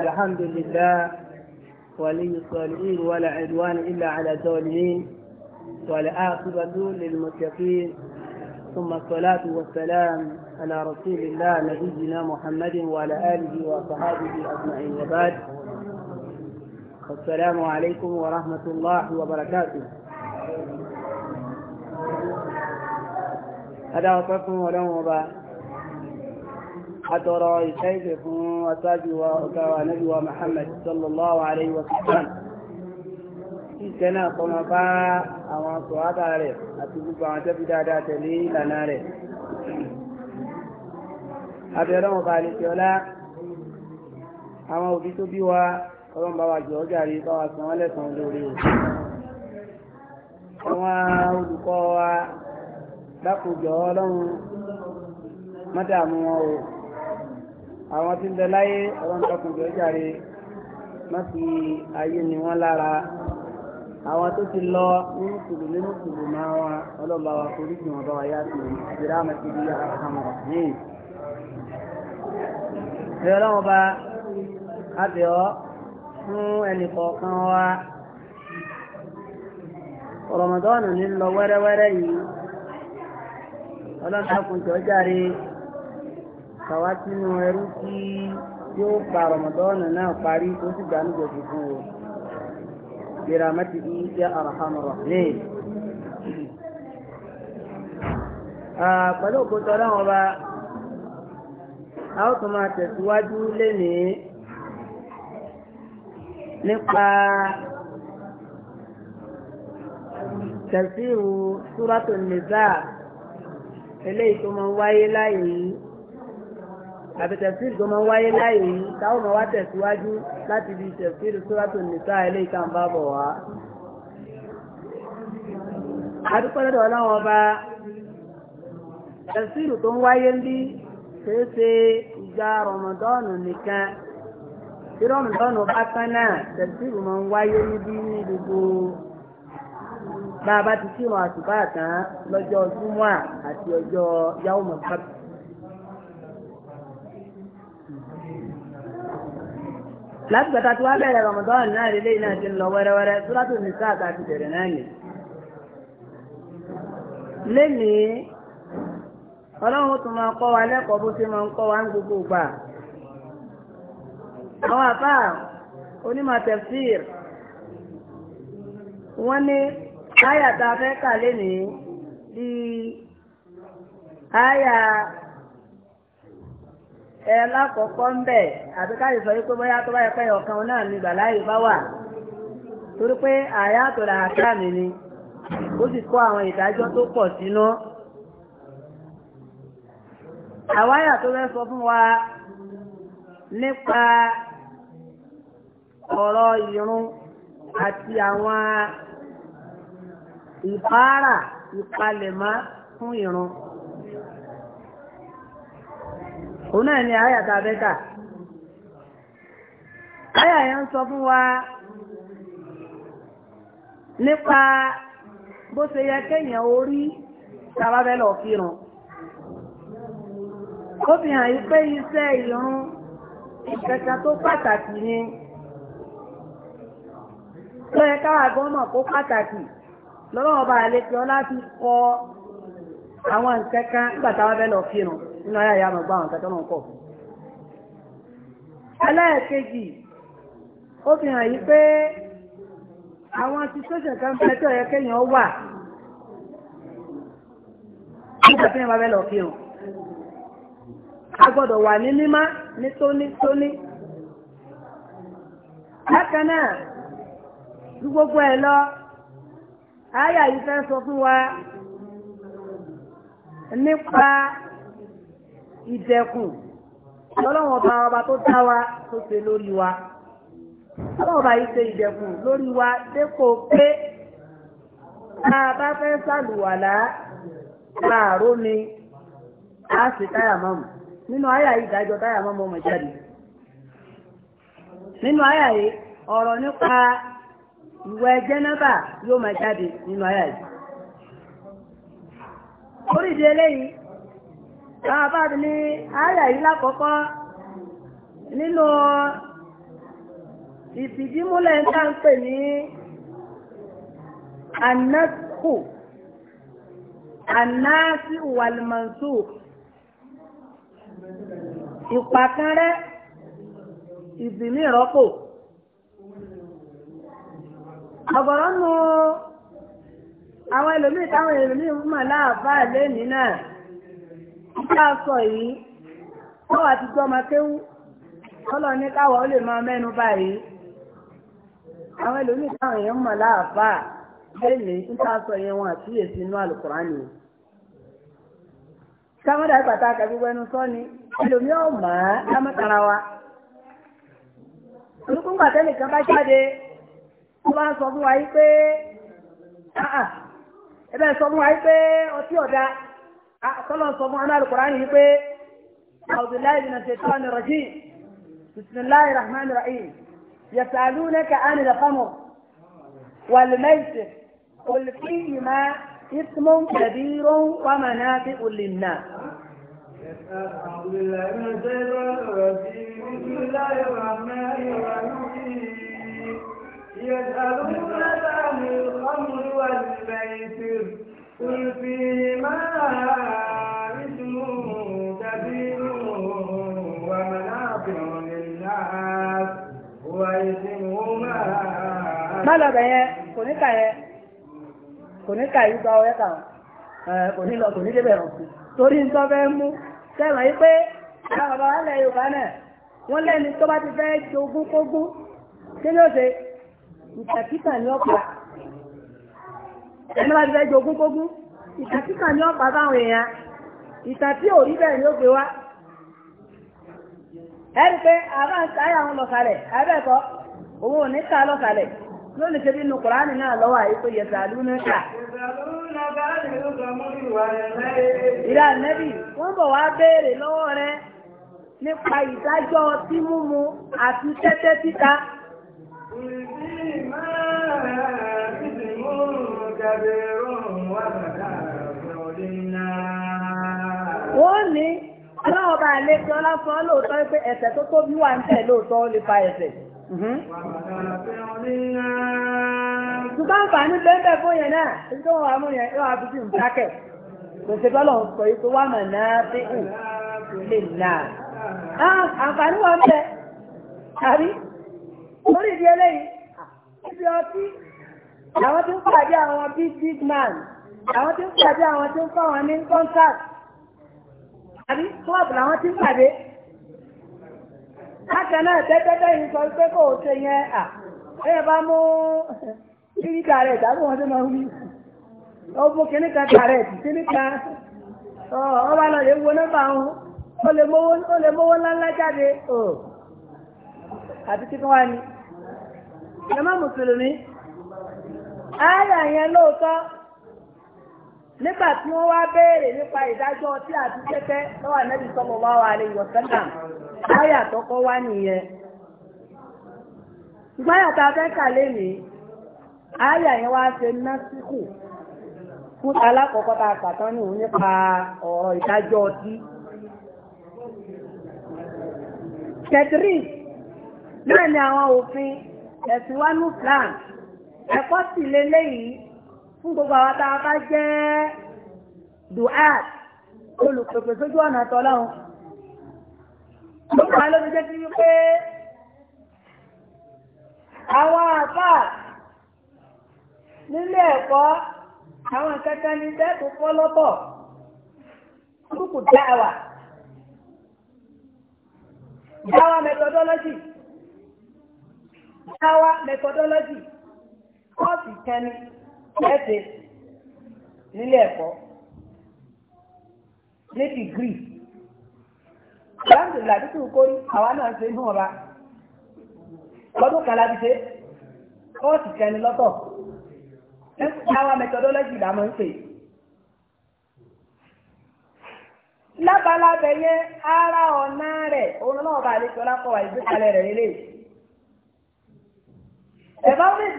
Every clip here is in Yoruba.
الحمد لله ولي الصالحين ولا عدوان إلا على الظالمين والعاقبة للمتقين ثم الصلاة والسلام على رسول الله نبينا محمد وعلى آله وصحابه أجمعين وبعد السلام عليكم ورحمة الله وبركاته هذا وصفهم ولهم وبعد àtọ̀rọ̀ ìṣẹ́ìṣẹ́ fún aṣáájú wa ọ̀gá wa nàbí wa Muhammad sallallahu alayhi wa sallam kí ìṣẹ́ náà kọ́ máa bá àwọn sọ̀hádà rẹ̀ àti gbogbo àwọn tẹ́bí dáadáa tẹ̀lé ìlànà rẹ̀ abẹ́rẹ́ wọn bá lè fi àwọn òbí tó bí wa ọlọ́run bá wa jọ ọ́ jàre bá wa san wọ́n lẹ́sàn-án lórí o àwọn olùkọ́ wa dákòjọ́ ọlọ́run mọ́dàmú wọn o àwọn tí ń bẹ láyé ọlọ́ńdọ́kùnjọ́ jàre má fi ayé ni wọ́n lára àwọn tó ti lọ ní mùsùlùmí mùsùlùmí àwọn ọlọ́ba wa kò rí wọn bá wa yá sí ti yìí. ọlọ́run a bẹ̀ ọ́ fún ẹnì kọ̀ọ̀kan wa kàwá sínú ẹrú tí yóò pa rọmọdọ́ọ̀nù náà parí ó sì gbà nígbà tó fún o ìràmẹ́tì yìí jẹ́ àràhámọ́rọ̀ ní. pẹ̀lú òkúta ọlọ́run ọba a ó tún máa tẹ̀síwájú lénìí nípa tẹ̀síwù súrátù nìsá eléyìí tó máa ń wáyé láyé yìí àbí tẹ̀síìrì tó máa ń wáyé láyé yìí táwọn máa wá tẹ̀síwájú láti ibi tẹ̀síìrì sóràtò nìta ilé ìkàǹbá bọ̀ wá. àdúpọ̀ lọ́dọ̀ ọlọ́wọ́n ọba tẹ̀síìrì tó ń wáyé ní kìí ṣe ìgbà rọ̀mọ̀dọ́ọ̀nù nìkan tí rọ̀mọ̀dọ́ọ̀nù bá tán náà tẹ̀síìrì máa ń wáyé níbí ní gbogbo bá a bá ti kírun àtùbá àtàn lọ́jọ́ júmọ́à àti ọjọ́ yawmul sabt láti gbàtà tí wá bẹ̀rẹ̀ Ramadan náà lélẹ́ iná ti ń lọ wẹ́rẹ́wẹ́rẹ́ Suratu Nisa àti bẹ̀rẹ̀ náà ni lẹ́ni ọlọ́run tún máa kọ́ wa lẹ́kọ̀ọ́ bó ṣe máa ń kọ́ wa ń gbogbo gbà àwọn àfà onímọ̀ tafsir wọ́n ní áyà tá a fẹ́ kà lẹ́ni bíi áyà ẹ lákọ̀ọ́kọ́ ń bẹ̀ àti káyì sọ wípé bóyá tó bá yẹ pé ọ̀kan náà ni gbàláyè bá wà torí pé àyà tó ra àkáàmì ni ó sì kó àwọn ìdájọ́ tó pọ̀ sínú. àwáyà tó fẹ́ sọ fún wa nípa ọ̀rọ̀ ìrun àti àwọn ìpárà ìpalẹ̀mọ́ fún ìrun òun náà ni àyà tá a fẹ́ kà àyà yẹn ń sọ fún wa nípa bó ṣe yẹ kéèyàn orí tàbábẹ́ lọ kírun ó fi hàn yí pé iṣẹ́ ìrun ìkẹta tó pàtàkì ni tó yẹ káwà gọ́mọ̀ kó pàtàkì lọ́wọ́ ọba àlejò láti kọ àwọn nǹkan kan nígbà nínú ayé àyà àmọ̀gbà àwọn kẹtọ́ náà kọ̀. ẹlẹ́ẹ̀kejì ó fi hàn yí pé àwọn situation kan bẹ́ẹ̀ tí ó yẹ kéèyàn wà nígbà tí wọ́n bá fẹ́ lọ fi hàn a gbọ́dọ̀ wà ní mímá ní tónítóní. bákan náà ju gbogbo ẹ̀ lọ ayà yìí fẹ́ sọ fún wa nípa ìdẹ̀kùn ọlọ́wọ́n ọba ọba tó dá wa tó ṣe lórí wa ọlọ́wọ́n ọba yìí ṣe ìdẹ̀kùn lórí wa dépò pé tá a bá fẹ́ sàlùwàlá láàárọ̀ ni a sì táyà mọ́mù nínú àyà yìí ìdájọ́ táyà mọ́mù ọmọ jáde nínú àyà yìí ọ̀rọ̀ nípa ìwẹ̀ jẹ́nẹ́bà yóò máa jáde nínú àyà yìí àwọn àbáàdì ní ààyà yìí lákọ̀ọ́kọ́ nínú ìfìdímúlẹ̀ ń tá ń pè ní anásìkò anásì wàlìmọ̀sù ìpàkánrẹ́ ìbìmí ìrọ́pò ọ̀gọ̀rọ̀ nù àwọn ẹlòmíì táwọn ẹlòmíì mọ̀ láàbá lẹ́nìí náà tá a sọ yìí wọ́n wà ti gbọ́ kéwú kọ́lọ̀ ní káwọ́ ó lè máa mẹ́nu báyìí àwọn ẹlòmíì táwọn èèyàn mọ̀ láàfáà a sọ yẹn wọn àtúnyèsí inú àlùkùránì káwọn dàbí pàtàkì gbogbo ẹnu sọ ni ẹlòmíì ò mọ̀ á lámọ́tara wa olùkún pàtẹ́lì kan bá jáde wọ́n bá ń sọ fún wa pé sọ fún wa pé صلى الله عليه وسلم أعوذ الله من الشيطان الرجيم بسم الله الرحمن الرحيم يسألونك عن الخمر والميسر قل فيهما اسم كبير ومنافع للناس يسألونك عن الخمر والميسر قل فيهما اسم كبير ومنافع للناس واسمهما má lọ bẹ̀ yẹn kò ní kà yẹn kò ní kà yìí gba ọyẹ kà kò ní lọ kò ní débẹ̀ rọ̀kù torí nǹkan fẹ́ mú sẹ́wọ̀n yìí pé àwọn bàbá ilẹ̀ Yorùbá náà wọ́n lẹ́ni tó bá ti fẹ́ jogún kógún kí ni ó ṣe ìtàkìtà ní ọ̀pọ̀ ẹni bá ti fẹ́ jogún gógún ìta kíkà ní ọ̀pá báwọn èèyàn bẹ́ẹ̀ ni ó gbé wá ẹni pé àbáǹkà àwọn lọ̀kàlẹ̀ abẹ́ẹ̀kọ́ òun ò ní ká lọ̀kàlẹ̀ ṣe bí inú kùránì náà lọ́wọ́ àyè pé lúnúkà. ìrà nẹ́bì wọ́n bọ̀ wá béèrè lọ́wọ́ rẹ nípa ìdájọ́ àti tẹ́tẹ́ كبير ومتاع للناس وني Ọlọ́run bá lè tí ọlá fún ọ lóòótọ́ pé ẹ̀ṣẹ̀ tó tóbi wà ń tẹ̀ lóòótọ́ ó lè fa ẹ̀ṣẹ̀. Mhm. Ṣùgbọ́n àǹfààní bẹ́ẹ̀ fún yẹn náà, tí wọ́n wà mú yẹn yóò wá fi sí ìdákẹ̀. Kò sí bọ́lọ̀ ń sọ yìí pé wà mọ̀ náà sí ù lè nà. Àǹfààní wà ń tàbí, lórí ìdí eléyìí, ibi ọtí àwọn tí ń pàdé àwọn big big man àwọn tí ń pàdé àwọn tí ń fọ́ wọn ní contract àbí club làwọn tí ń pàdé bákan náà tẹ́tẹ́tẹ́ yìí sọ pé kò ṣe yẹn à ẹ̀yẹ bá mú kíríkà rẹ̀ ìdáàbò wọn tó máa ń wí ó mú kíníkà tààrẹ̀ kíníkà ọba náà lè wo nọ́mbà wọn ó lè mówó ńláńlá jáde àti kíkan wá ní. ẹ má mùsùlùmí ààyè yẹn lóòótọ́ nígbà tí wọ́n wá béèrè nípa ìdájọ́ ọtí àti tẹ́tẹ́ lọ́wọ́ ànábì sọ́mọ wá wà lè wọ̀ wá nìyẹn. ṣùgbọ́n àyàtọ̀ afẹ́kà lénìí yẹn wá ṣe fún alákọ̀ọ́kọ́ a kàtán nìhun nípa ọ̀rọ̀ ìdájọ́ ẹ̀kọ́ sì leléyìí fún gbogbo àwọn tá a bá jẹ́ duat olùpèpè sójú ọ̀nà tọ́lọ́run gbogbo àwọn olóbi jẹ́ sí wípé àwọn àfà nílé ẹ̀kọ́ àwọn kẹta ní sẹ́ẹ̀kù fọ́ lọ́pọ̀ kúrúkù dáwà dáwà methodology dáwà methodology. kíláàsì kẹ́ni mẹ́te nílé ẹ̀kọ́ ní dìgírì láti làdí kórí àwa náà ṣe inú ọ̀rá lọ́dún kan láti ṣe kọ́ọ̀sì kẹ́ni lọ́tọ̀ àwa methodology là ń pè lábalábẹ ara ọ̀nà rẹ̀ òun náà bá lápọ̀ rẹ̀ lélẹ̀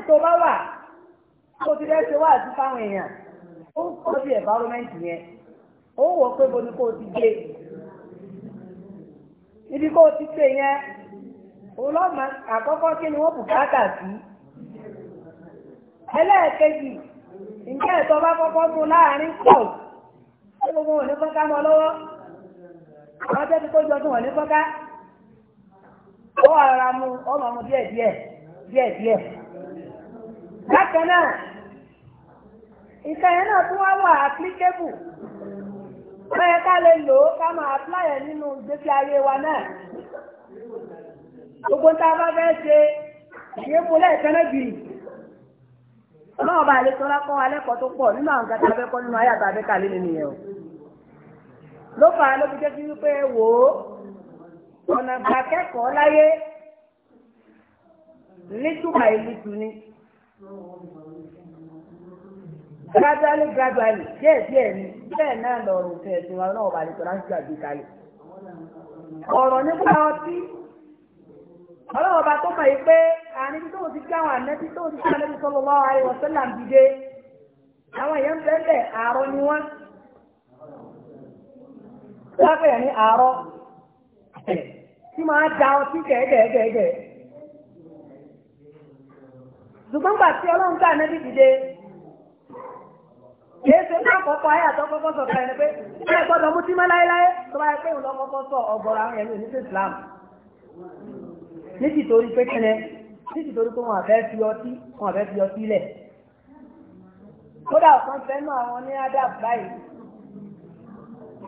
tó bá wà mo ti fẹ́ wá àti fáwọn èèyàn ó ń kọ́ sí environment yẹn ó pé ti gbé ibi ti yẹn olóòmà àkọ́kọ́ kí ni wọ́n bùkátà sí ẹlẹ́ẹ̀kejì ẹ̀tọ́ bá kọ́kọ́ láàrin pọ̀ gbogbo wọn ní fọ́nká mọ́ lọ́wọ́ àwọn tẹ́tí nǹkan yẹn náà tún wá wà àplíkébù bẹ́ẹ̀ ká lè lò ó ká máa apply nínú ìgbésí ayé wa náà gbogbo tá a bá fẹ́ ṣe ìyẹ́pọ̀ lẹ́ẹ̀kan náà bì í ọlọ́run bá àlejò lápọ̀ alẹ́kọ̀ọ́ tó pọ̀ nínú àwọn gàtà abẹ́kọ́ nínú ayé abẹ́kàlẹ́ nínú ló fà á ló jẹ́ sí wípé wò ó ọ̀nà gbà kẹ́kọ̀ọ́ láyé nítumà ìlú tu ni. gradually gradually díẹ̀ díẹ̀ ni bẹ́ẹ̀ náà náà wà nípa láti gbàgbé kalẹ̀ ọ̀rọ̀ nípa ọtí ọlọ́wọ́ bá tó mọ̀ yìí pé àárín tó ti kí àwọn ànẹ́bí tó ti kí ànẹ́bí sọ́lọ́ lọ́wọ́ wọ́n sẹ́là ń dìde àwọn èèyàn bẹ́ẹ̀ àárọ̀ ni wọ́n lápẹ̀ ní àárọ̀ tí máa da ọtí Èéṣe ní àkọ́kọ́ ayé àtọ́kọ́kọ́ sọ kan ẹni pé ṣé ẹ gbọ́dọ̀ mú tímọ́ láéláé tó bá pé òun lọ́kọ́kọ́ sọ ọ̀gọ̀rọ̀ àwọn ẹ̀mí oníṣẹ́ Islam. Ní tìtorí pé kẹ́nẹ́ ní tìtorí pé wọn àfẹ́ fi ọtí wọn àfẹ́ fi ọtí lẹ̀. Kódà ọ̀kan fẹ́ náà àwọn ní Adab báyìí.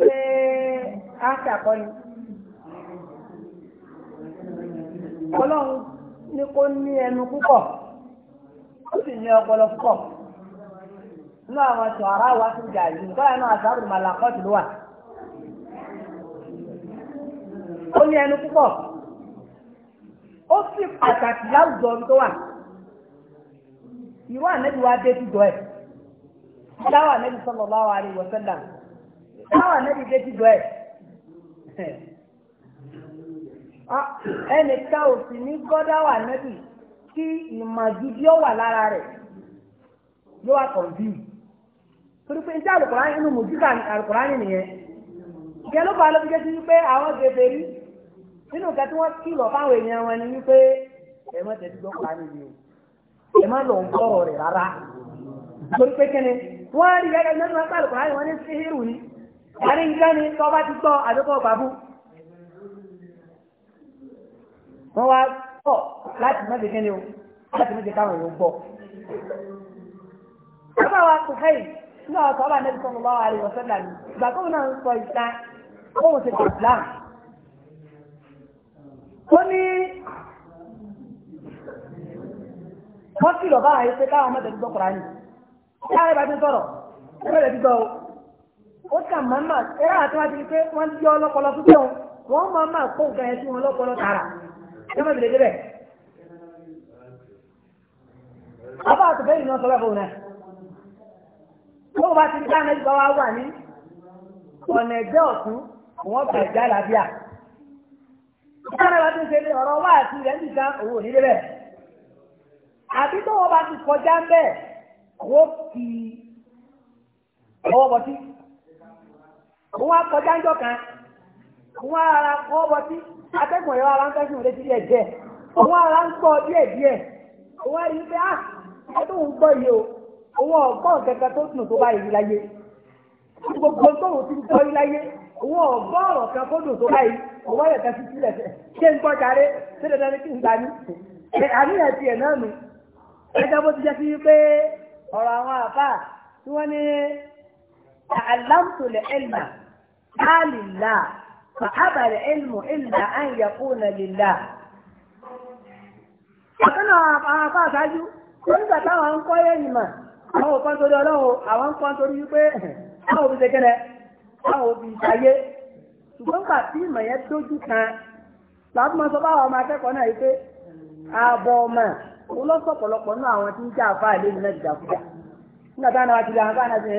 Ṣé á ṣàkọ́ni? Ọlọ́run ní kó ní ẹnu púpọ̀. nínú àwọn ṣọ̀rá wa tún jà yìí nígbà ala náà àṣàbùrù màlà kọ́ọ̀tù ló wà. ó ní ẹnu púpọ̀ ó sì pàtàkì láwùjọ tó wà ìwọ ànẹ́bí wa dé tìjọ ẹ̀ dáwà ànẹ́bí sallallahu alaihi wasallam dáwà ànẹ́bí dé tìjọ ẹ̀ ah, ẹnìkan ò sì ní gọ́dáwà ànẹ́bí kí ìmọ̀ gidi ó wà lára rẹ̀ yóò wà kọ̀ǹfíì. torí pé iṣẹ́ àlùkùránì inú mùjíkà àlùkùránì nìyẹn ìyẹn ló bá ló fi jẹ́ sí wípé àwọn bèbè rí nínú nǹkan tí wọ́n kìlọ̀ fáwọn èèyàn wọn ni wípé ẹ má tẹ̀sí gbọ́ kùránì o ẹ má lọ gbọ́rọ̀ rẹ̀ rárá torí pé kíni wọ́n rí gẹ́gẹ́ nínú ẹgbẹ́ àlùkùránì wọn ní síhìrù ni àrí nǹkan ni tó bá ti gbọ́ àdókò bàbú wọ́n wá pọ̀ láti má jẹ́ kíni o láti má jẹ́ káwọn èèyàn gbọ́. Bàbá wa ní àwọn sọ́ọ́bà nẹ́bí sọ́mọ́ bá wà rí wọ́n sẹ́lá ní ìgbà tó náà ń sọ ìta òun ti gbà islam ó ní wọ́n kìlọ̀ bá àyè pé káwọn mẹ́tẹ̀ẹ́ tó kọ̀ọ̀rọ̀ ní láàrin bá ti sọ̀rọ̀ ẹgbẹ́ ti sọ ó kà máa ń mà ẹ̀rọ àti wá ti rí pé wọ́n ti yọ ọlọ́pọlọ tó tẹ̀ wọ́n máa máa kó nǹkan ẹ̀ sí wọn lọ́pọlọ tààrà ẹgbẹ́ mi lè débẹ̀. àbá àtúfẹ́ ìrìnà sọ bẹ́ẹ̀ fún náà wọ́n bá ti dá ẹgbẹ́ wa wà ní ọ̀nà ẹgbẹ́ ọ̀tún wọ́n bẹ̀ já làbíà. ìdáná bá ti ń ṣe ní ọ̀rọ̀ wá àti rẹ̀ nìkan òun ò ní débẹ̀. àbí tó wọ́n bá ti kọjá ń bẹ̀ kó fi ọwọ́ bọ̀tí. wọ́n á kọjá ń jọ kan wọ́n á ra ọwọ́ bọ̀tí atẹ́gùn ẹ̀rọ ara ń tẹ́sùn lé sí ẹ̀jẹ̀ wọ́n á ra ń gbọ́ díẹ̀díẹ̀ wọ́n á rí pé á ah! ẹ̀dùn owó ọgbọ́n kẹta tó dùn tó bá yìí láyé gbogbo tóun ti gbọ́ yìí láyé owó ọgbọ́n kan tó dùn tó bá yìí owó ẹ̀ka ti sílẹ̀ fẹ́ ṣé ń gbọ́ ṣé dandan ni kí n gbani àníyàn tiẹ̀ náà nù ẹgbẹ́ bó ti jẹ́ sí pé ọ̀rọ̀ àwọn àbá tí wọ́n ní àlámtòlẹ̀ ẹ̀lmà áàlìlá fàábàrẹ̀ ẹ̀lmù ẹ̀là àyàkóònà lìlá. àkànnà àwọn àbá àwọn òkan torí ọlọ́run àwọn ń torí wípé àwọn òbí ṣẹkẹrẹ àwọn òbí ṣayé ṣùgbọ́n gbà tí ìmọ̀ yẹn dójú kan láti sọ bá ọmọ akẹ́kọ̀ọ́ náà wípé ààbọ̀ ọmọ òun náà àwọn tí ń ìlú náà jìjà nígbà táwọn àti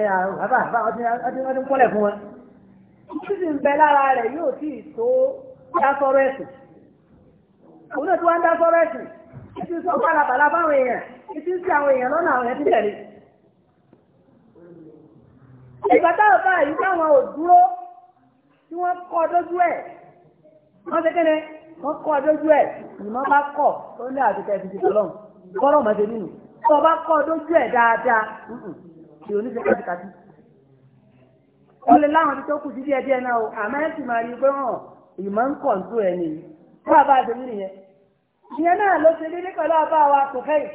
àwọn àbá kọ́lẹ̀ fún wọn. títí ń bẹ lára rẹ̀ yóò tí ì tó ẹ̀sìn òun náà tí wọ́n ń ẹ̀sìn títí fáwọn èèyàn títí ìgbà táwọn bá yìí táwọn ò dúró tí wọ́n kọ́ dójú ẹ̀ wọ́n ṣe kéde wọ́n kọ́ dójú ẹ̀ ìmọ̀ bá kọ̀ tó ní àtúntẹ̀ ti ti tọ́lọ́m kọ́rọ̀ mọ́ ṣe nínú tó bá kọ́ dójú ẹ̀ dáadáa kì í oníṣẹ́ kájíkájí. wọ́n lè láwọn tó kù sí díẹ̀ díẹ̀ náà o àmọ́ ẹ̀ sì máa rí pé hàn ìmọ̀ ń kọ̀ tó ẹ̀ nìyí tó àbá ṣe nínú yẹn. ìyẹn náà ló ṣe dédé pẹ̀lú àbá wa tòkẹ́yì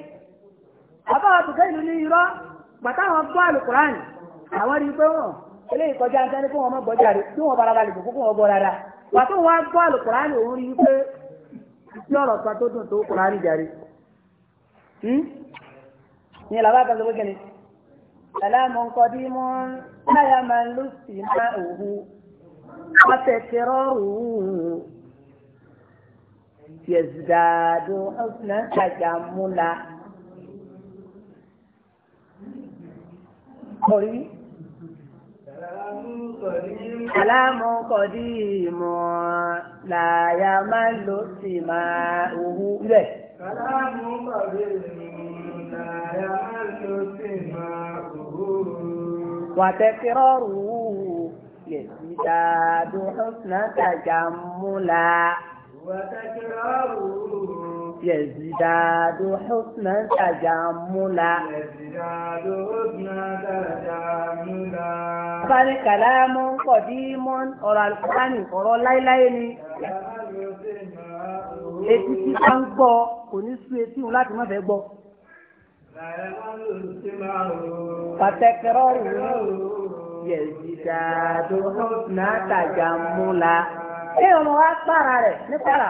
àbá wa tòkẹ́yì ní irọ́ pàtàwọn gbọ́ àlùkùránì àwọn rí pé wọn eléyìí kọjá nǹkan ní kó wọn mọ gbọjá rẹ kí wọn bára balẹ̀ kó kó wọn bọ rárá wà tó wọn gbọ́ àlùkùránì òun rí pé tí ọ̀rọ̀ kan tó dùn tó kùránì jàre ní hmm? ìlàbá kan tó gbé kẹ́ni sàlámù nkọ́dí mọ́ láyà máa ń lù sí má òhu wọ́n ti rọ́ọ̀rù yẹ̀zìdàdù ọ̀sùn àjà múla. كلام قديم لا يمل سماؤه إليه كلام قديم لا يمل سماؤه وتكراره يزداد حسن تجملا وتكراره يزداد حسنا تجملا يزداد حسنا تجملا فان كلام قديم أرى القرآن أرى ليلين Etí tí bá ń gbọ́ kò ní sú etí òun láti má fẹ́ gbọ́. Pàtẹ́kẹ́rọ́ rèé yẹ̀zìdá tó náà tàjà múla. Ṣé ọmọ wa pààrà rẹ̀ ní pààrà?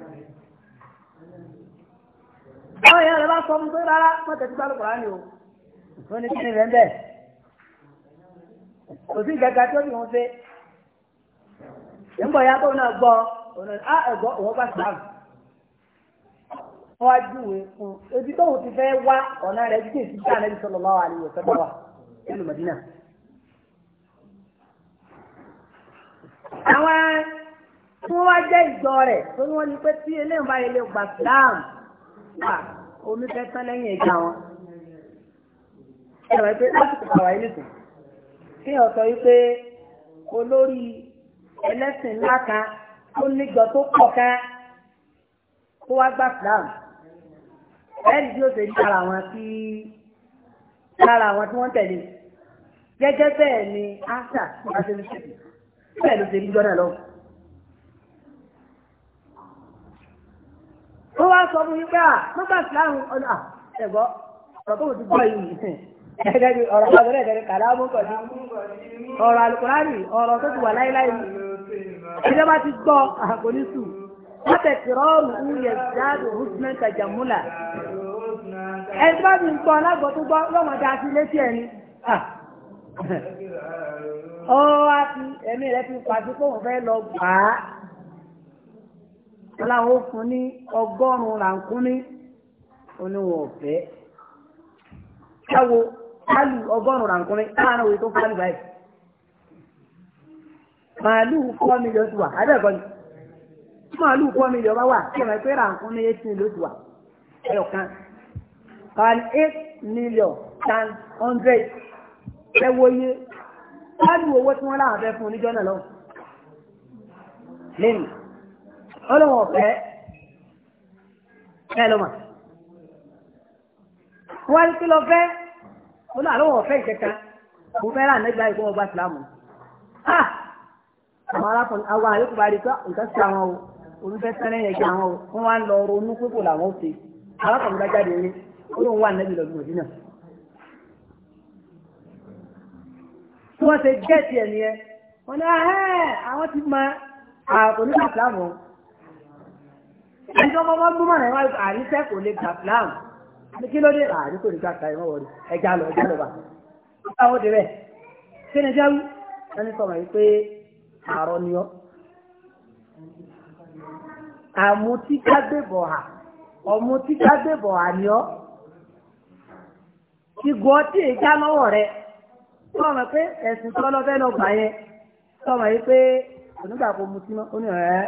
báwọn èèyàn rẹ̀ bá sọ fún rárá wọ́n tẹ̀sí bá lùkùrá ni o ó ní kíni rẹ̀ ń bẹ̀ kò sí ìgbàgbà tó bí wọ́n ya bóun náà gbọ́ ọ̀nà á ah, ẹ̀gbọ́ òun bá wọ́n júwe fún ebi ti fẹ́ wá ọ̀nà rẹ̀ sáà lọ́wọ́ àwọn tí wọ́n wá jẹ́ ìjọ rẹ̀ tó ní wọ́n ní wà omi fẹ́ tán lẹ́yìn ẹja wọn. ẹ̀rọ ẹgbẹ́ lásìkò àwáyé nìkan kí wọ́n sọ wípé olórí ẹlẹ́sìn ńlá kan tó níjọ tó pọ̀ kan tó wá gbà Islam ẹ̀rí bí ó ṣe ní ara wọn tí lára àwọn tí wọ́n tẹ̀lé gẹ́gẹ́ bẹ́ẹ̀ ni ásà àti ẹ̀mí ṣèkì bẹ́ẹ̀ ló ṣe ní jọ́nà lọ́wọ́. ó wá sọ fún wípé à nígbà ìsìláàmù ọ̀nà ẹ̀gbọ́ ọ̀rọ̀ tó ti yìí ẹ̀gẹ́ bí ọ̀rọ̀ ọ̀rọ̀ ọ̀rọ̀ tó ti wà láíláí ti gbọ́ ń yẹ jáde tajàmúlà bá ń gbọ́ tó gbọ́ létí wá ẹ̀mí rẹ̀ fi aláwọ̀ fún ní ọgọ́rùn-ún ràǹkúnní oníwọ̀n ọ̀fẹ́ káwo pálù ọgọ́rùn-ún ràǹkúnní láàárín òwe tó pálù báyìí màálù kọ́ mílíọ̀n ti wà abẹ́ẹ̀kọ́ ni màálù kọ́ mílíọ̀n bá wà kẹ̀mẹ́ pé ràǹkúnní eight million ti wà ẹ̀yọ̀kan kan eight million times hundred ẹ wo iye pálù owó tí wọ́n láwọn fẹ́ fún oníjọ́ náà lọ́wọ́ lẹ́nu ọlọ́wọ̀n ọ̀fẹ́ ẹ lọ́mà wọ́n ti lọ fẹ́ ó náà lọ́wọ́ ọ̀fẹ́ ìkẹta mo fẹ́ rà nígbà ìgbọ́ ọba ìsìlámù àwọn arákùnrin àwọn àyíkú bá rí pé nǹkan sí àwọn o olùfẹ́ sẹ́rẹ́ yẹn kí àwọn o wọ́n wá ń lọ ronú pípò làwọn ó ṣe arákùnrin bá jáde eré ó lóun wà nẹ́bí lọ́dún òdì náà. tí wọ́n ṣe gẹ́ẹ̀tì ẹ̀ nìyẹn wọ́n ní àwọn ti máa àkùnrin ìsìlámù ẹjọ́ ọmọ ọmọ gbọ́mọ̀ rẹ̀ wá àríṣẹ́ kò lè gbà flam kí ló dé àrí kò lè gbà kàrí mọ́ wọlé ẹja lọ ẹja lọ bá àwọn òde rẹ̀ kí ni jáwí ẹni sọ̀rọ̀ yìí pé àárọ̀ ni ọ́ àmútíkágbébọ̀hà ọmútíkágbébọ̀hà ni ọ́ ìgò ọtí ìjà lọ́wọ́ rẹ̀ sọ̀rọ̀ pé ẹ̀sìn tọ́lọ́fẹ́ lọ gbà yẹn sọ̀rọ̀ yìí pé onígbàpọ̀ mutí náà ó ní ọ̀rẹ́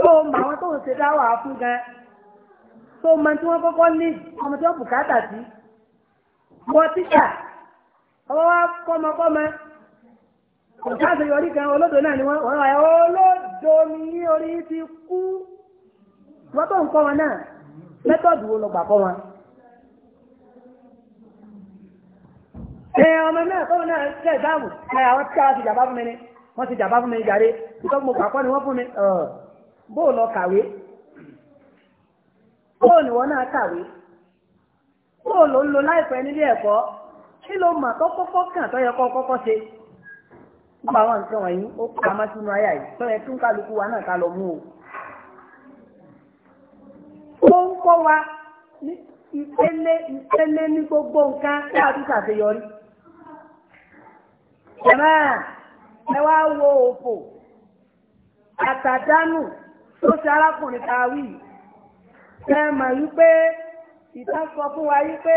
tó o mọ àwọn tó ń ṣe dáwà fún gan tó o mọ tí wọ́n kọ́kọ́ ní ọmọ tí wọ́n bùkátà sí wọ́n tíṣà ọwọ́ wa kọ́mọkọ́mọ ọ̀gá àṣeyọrí kan olódo náà ni wọ́n wọ́n olódo ní orí ti kú wọ́n tó ń kọ́ wọn náà mẹ́tọ́ọ̀dù wo lọ gbà kọ́ wọn. ẹ ọmọ náà tọ́wọ́ náà ṣe ìdáàmú ẹ àwọn tí a ti jàbá fún mi ni wọ́n ti jàbá fún mi jàre nítorí mo gbà kọ́ ni wọ́n fún mi bó lọ kàwé bó ni wọn náà kàwé bó ló ń lo láìpẹ́ nílé ẹ̀kọ́ kí ló mà tó kọ́kọ́ kàn tó yẹ kó kọ́kọ́ ṣe nípa àwọn nǹkan wọ̀nyí ó kọ́ àmọ́ sínú ayé yìí tó yẹ kí ń kálukú wa náà ká lọ mú o. ó ń kọ́ wa ní ìpele ìpele ní gbogbo nǹkan láti ṣàṣeyọrí. jẹ̀mọ́ ẹ wá wo òfò àtàdánù ó ṣe arákùnrin tàwí ẹ mà wípé ìta sọ fún wa wípé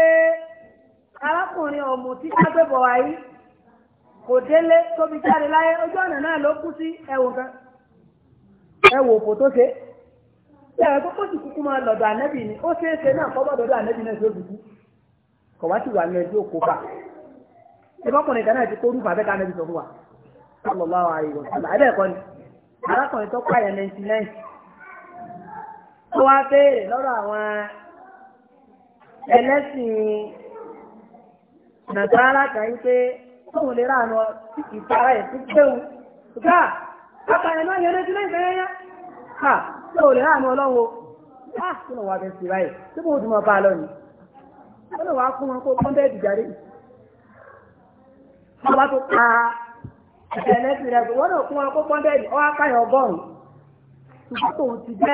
arákùnrin tí kágbébọ̀ wa yìí kò délé tóbi jáde láyé ojú ọ̀nà náà ló kú sí ẹwò kan ẹwò tó ṣe ẹ̀rọ tó kóòtù kúkú máa lọ̀dọ̀ ànẹ́bì ó náà náà náà ti kó rúfà wa ó wá béèrè lọ́rọ̀ àwọn ẹlẹ́sìn nàìjíríà kan pé tóun lè rà lọ ìtara ẹ̀sìn péwu ṣùgbọ́n náà ní ẹlẹ́sìn náà ìfẹ́ ha tóun lè ọlọ́wọ́ ha kí ló wà sí tí mo bá a lọ ni ó lè wá fún wọn kó kọ́ńbẹ́ẹ̀dì jáde ọba tó ta ẹlẹ́sìn rẹ̀ wọ́n náà fún wọn kó kọ́ńbẹ́ẹ̀dì ọ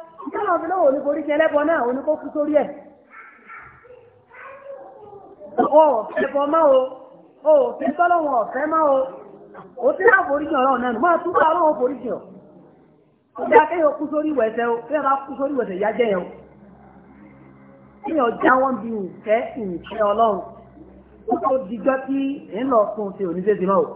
táwọn fi lọ́wọ́ oníborí ṣe ẹlẹ́bọ náà oníkó kú sórí ẹ̀ ọ̀ ẹ̀bọ máa o ò fi tọ́lọ́wọ̀n ọ̀fẹ́ máa o ó ti náà forí jìn ọlọ́run náà máa tún bá ọlọ́run forí jìn ọ́ ó dá kéèyàn kú sórí ìwẹ̀sẹ̀ o kéèyàn bá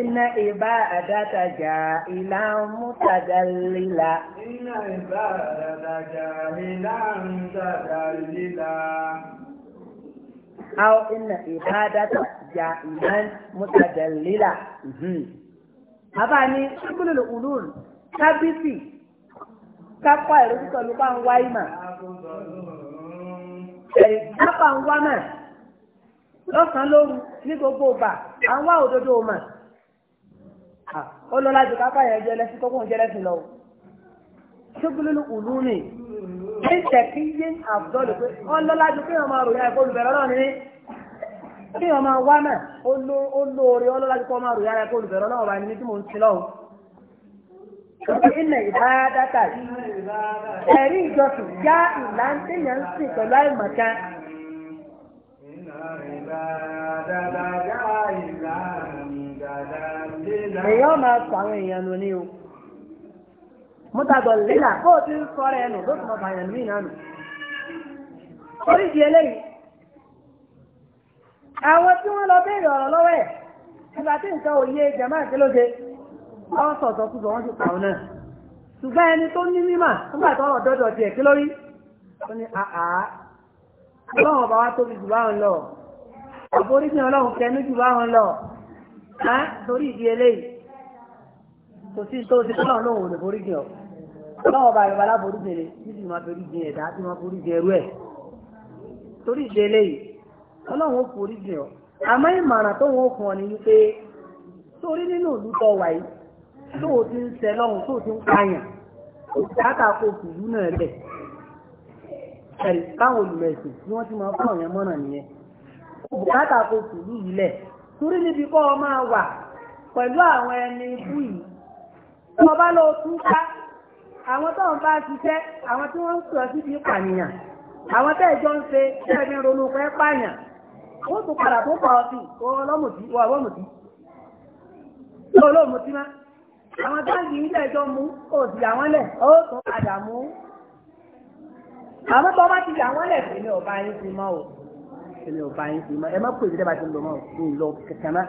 Iná ìbá àdátajà ìlà mútàdálílà. Iná ìbá àdátajà ìlà mútàdálílà. Aw iná ìbá àdátajà ìlà mútàdálílà. Bàbá ni ṣíkúlùlù ulul kábísì kápá ìrókítọ̀ ló bá ń wáyé mà. Ẹ̀yìn kápá ń wá mà lọ́sàn-án lóru ní gbogbo ọba àwọn òdodo mà ó lọ láti kápá yẹn jẹ lẹ́sìn tó kún jẹ lẹ́sìn lọ. ṣùgbọ́n ìlú ni ní tẹ̀kí yé àbúdọ́lù pé ọlọ́lá ju kí wọ́n máa ròyìn àìkú olùbẹ̀rẹ̀ náà ní kí wọ́n máa wá náà ó lóore ọlọ́lá ju kí wọ́n máa ròyìn àìkú olùbẹ̀rẹ̀ náà wà ní tí mò ń ti lọ́wọ́. Ìnà ìbáradátà ẹ̀rí ìjọsìn já ìlànà ìyẹn ń sìn pẹ̀lú àìmọ̀kan. èèyàn máa sọ àwọn èèyàn ní o mútàgbọ̀ lílà kó o ti ń sọ rẹ nù ló sì máa bàyàn mí náà oríṣi eléyìí àwọn tí wọ́n lọ e, ọ̀rọ̀ lọ́wọ́ ẹ̀ nígbà tí nǹkan òye jẹ̀máà tí ló wọ́n sọ̀tọ̀ kúzọ̀ wọ́n pàwọn náà ṣùgbọ́n ẹni tó ní mímà nígbà tó lórí ó ní àá àforíjì ọlọ́run kẹnu jù báwọn lọ torí ìdí eléyìí kò sí tó ti ọ ọlọ́run ọba máa ẹ̀dá tí ẹrú ẹ̀ torí ìdí eléyìí ọ àmọ́ ìmọ̀ràn tó wọ́n fún ọ ni wípé torí nínú ìlú tó wà yìí tó o ti ń sẹ lọ́hùn tó o ti ń pààyàn òkúta náà lẹ̀ ẹ̀rí táwọn ti máa fún ọ̀yàn bùkátà kò sùúrù yìí lẹ̀ torí níbi kọ́ ọ máa wà pẹ̀lú àwọn ẹni ikú yìí tí wọ́n bá lọ tún ká àwọn tó ń bá ṣiṣẹ́ àwọn tí wọ́n ń sọ síbi pànìyàn àwọn tẹ́ ìjọ ń ṣe ẹni ronú pẹ́ pààyàn ó tún padà tó pa ọtí ọlọ́mùtí wọ ọlọ́mùtí ọlọ́mùtí má àwọn táǹkì ilé ẹjọ́ mú òsì àwọn lẹ̀ ó tún padà mú àwọn tó bá ti yà wọ́n lẹ̀ sí ní ọba yín ti mọ́ o èmi ò bá yín sí mọ́ ẹ má pèsè dẹ́gbà tí ń lọ mọ́ ń lọ kẹ̀kẹ́ mọ́.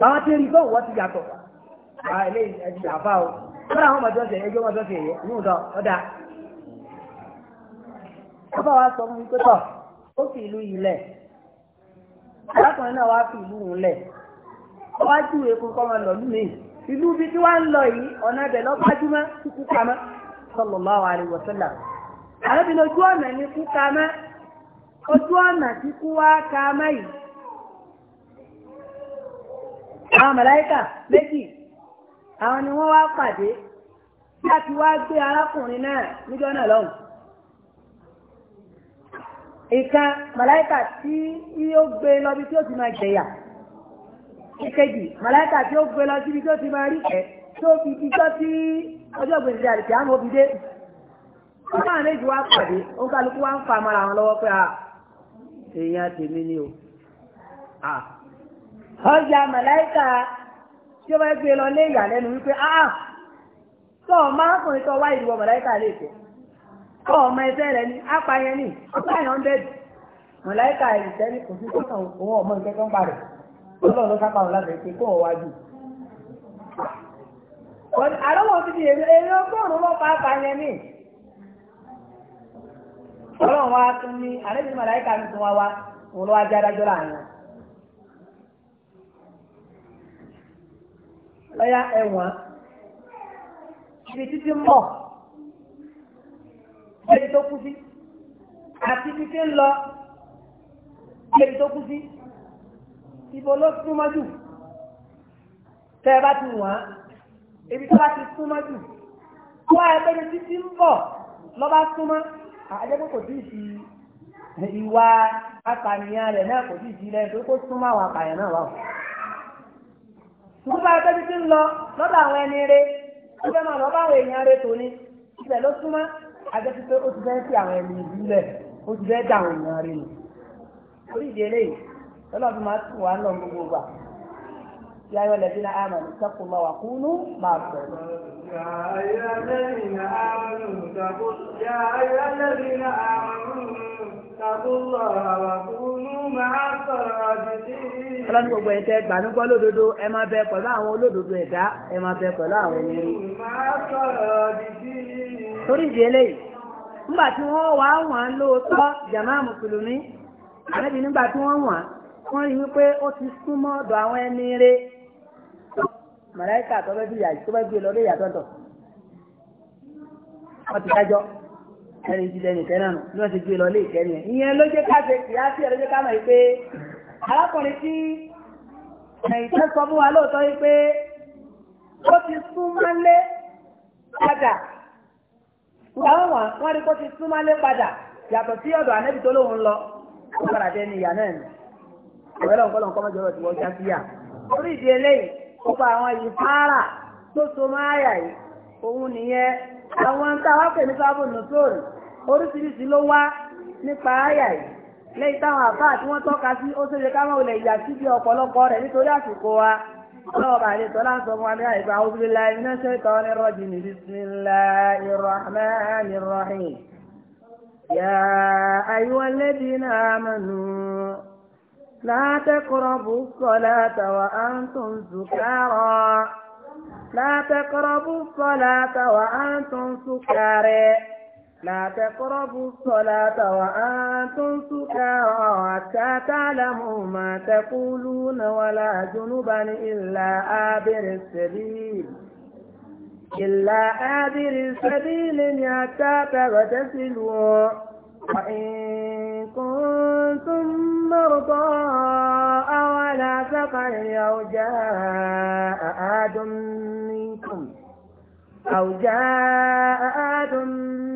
báwọn ti rí bọ́ọ̀ wọ́n ti yàtọ̀ eléyìí ẹ ti àbá o lọ́dà àwọn ọmọdé ọ̀sẹ̀ ẹjọ́ ọmọdé ọ̀sẹ̀ yẹ ní ọ̀dọ̀ ọ̀dà. bàbá wa sọ fún mi pé tọ̀ ó fi ìlú yìí lẹ̀ arákùnrin náà wá fi ìlú òun lẹ̀ ó wá júwe kó kọ́ máa lọ lùmí ìlú bí tí wàá ń lọ yìí ọ̀nà ibẹ̀ lọ́gbájúmọ́ kúkú pamọ́ sallallahu alaihi wasallam àlọ́bìnrin ojú ọ̀nà ni kúkú pamọ́ Oju ọ̀nà tí kú wá ká máyì àwọn màláíkà àwọn ni wọ́n wá pàdé láti wá gbé arákùnrin náà níjọ́ náà lọ́hùn ìkan màláíkà tí yóò gbé lọ tí ó ti máa jẹyà ìkejì malaika tí ó gbé lọ si tí ó ti máa rí ẹ̀ tó fi ijọ́ tí ọjọ́ gbèsè àdìsí àmọ́ òbí dé. wọ́n máa méjì wá pàdé ó kálukú fa mara àwọn lọ́wọ́ a. èèyàn tèmi ni o. ọjà màláìkà tí ó bá gbé lọ lé ìyàlẹ́nu wípé tọ́ ọ máa ń kùnrin tọ́ wá ìdìbò màláìkà lè tẹ̀ tọ́ ọ máa ẹsẹ̀ rẹ ní apààyàn ní apààyàn ń bẹ̀rù ìṣẹ́ ní kò sí sọ́kàn òun ọmọ nǹkan tó ń parẹ̀ ọlọ́run ló sápá ọlọ́run wa tún ní àlejò màláìka mi tún wá wá òun ló wá jẹ́ adájọ́ láàrin wọn. lọ́yà ẹ̀wọ̀n ibi títí ń bọ̀ ibi tó kú sí àti ibi tí ń lọ ibi tó kú sí ibo ló súnmọ́ jù tẹ́ ẹ bá ti wọ̀n ibi tó bá ti súnmọ́ jù wọ́n ẹgbẹ́ ni títí ń bọ̀ lọ́ba súnmọ́. àjẹpẹ́ kò tí ì fi ìwà apànìyàn rẹ̀ náà kò tí ì fi lẹ́yìn tó kó súnmọ́ àwọn apànìyàn náà wà o. Nígbà ń lọ lọ́dọ̀ àwọn ẹni rẹ ó fẹ́ máa lọ bá àwọn èèyàn ibẹ̀ ló súnmọ́ àjẹpẹ́ pé ó ti fẹ́ sí àwọn ẹni ìbílẹ̀ ó ti fẹ́ dà àwọn èèyàn nù. Orí ìdí eléyìí lọ́dọ̀ fi máa tù wá lọ gbogbo يا أيها الذين Ọlọ́run gbogbo ẹ̀ tẹ́ gbà ẹ máa bẹ pẹ̀lú àwọn olódodo bẹ pẹ̀lú àwọn ènìyàn. Torí ìdí eléyìí, nígbà tí wọ́n wá wọ́n lóòótọ́ mùsùlùmí, àbẹ́bí nígbà màláìka tó bẹ́ bí ìyá tó bẹ́ bí lọ lé ìyàtọ̀ tọ̀ wọ́n ti dájọ́ ẹni ti lẹ́nu ìkẹ́ náà nù ní wọ́n ti gbé lọ lé ìkẹ́ nìyẹn ìyẹn ló jẹ́ ká ṣe ìyá sí ẹ̀ ló jẹ́ ká mọ̀ yìí pé arákùnrin tí ẹ̀yìn tẹ́ sọ fún wa lóòótọ́ yìí pé ó ti sún mọ́lé padà wọ́n wọ́n wọ́n rí kó ti sún mọ́lé padà yàtọ̀ sí ọ̀dọ̀ ànẹ́bí tó lóun lọ ó padà dé ní ìyá náà nù ọ̀rẹ́ lọ́nkọ́ lọ́nkọ́ mọ́jọ́ rẹ̀ wọ́n já sí yà orí ìdí eléyìí ọ̀pọ̀ àwọn ìfárà tó so máa àyà yìí òun nìyẹn àwọn táwọn pè ní sábò nùtòrì oríṣiríṣi ló wá nípa àyà yìí lẹ́yìn táwọn àfáà tí wọ́n tọ́ka sí ó ṣe lè ká máa wọlé ìyà síbi ọ̀pọ̀lọpọ̀ rẹ̀ nítorí àsìkò wa ọlọ́ọ̀bà àlè tọ́lá ń sọ fún wa ní àìbá òbílélá iná ṣe tọ́ ní rọ́jì ní bismillahir rahmanir rahim. yà á lẹ́bí náà mọ̀nù. لا تقربوا الصلاة وأنتم سكارى لا تقربوا الصلاة وأنتم سكارى لا تقربوا الصلاة وأنتم سكارى حتى تعلموا ما تقولون ولا جنبا إلا آبر السبيل إلا آبر السبيل حتى تغتسلوا وإن كنتم مرضى أو على سفر أو جاء أحد منكم أو جاء أحد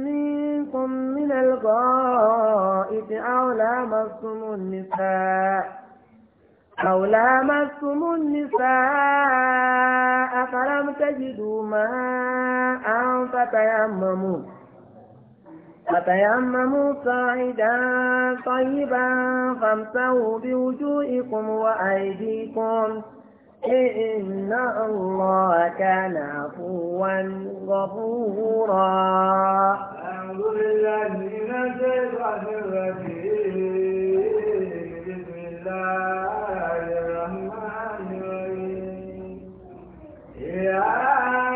منكم من الغائط أو لامستم النساء أو لامستم النساء فلم تجدوا ماء فتيمموا فتيمموا صعيدا طيبا فامسوا بوجوهكم وأيديكم إن الله كان عفوا غفورا أعوذ بالله من الشيطان الرجيم بسم الله الرحمن الرحيم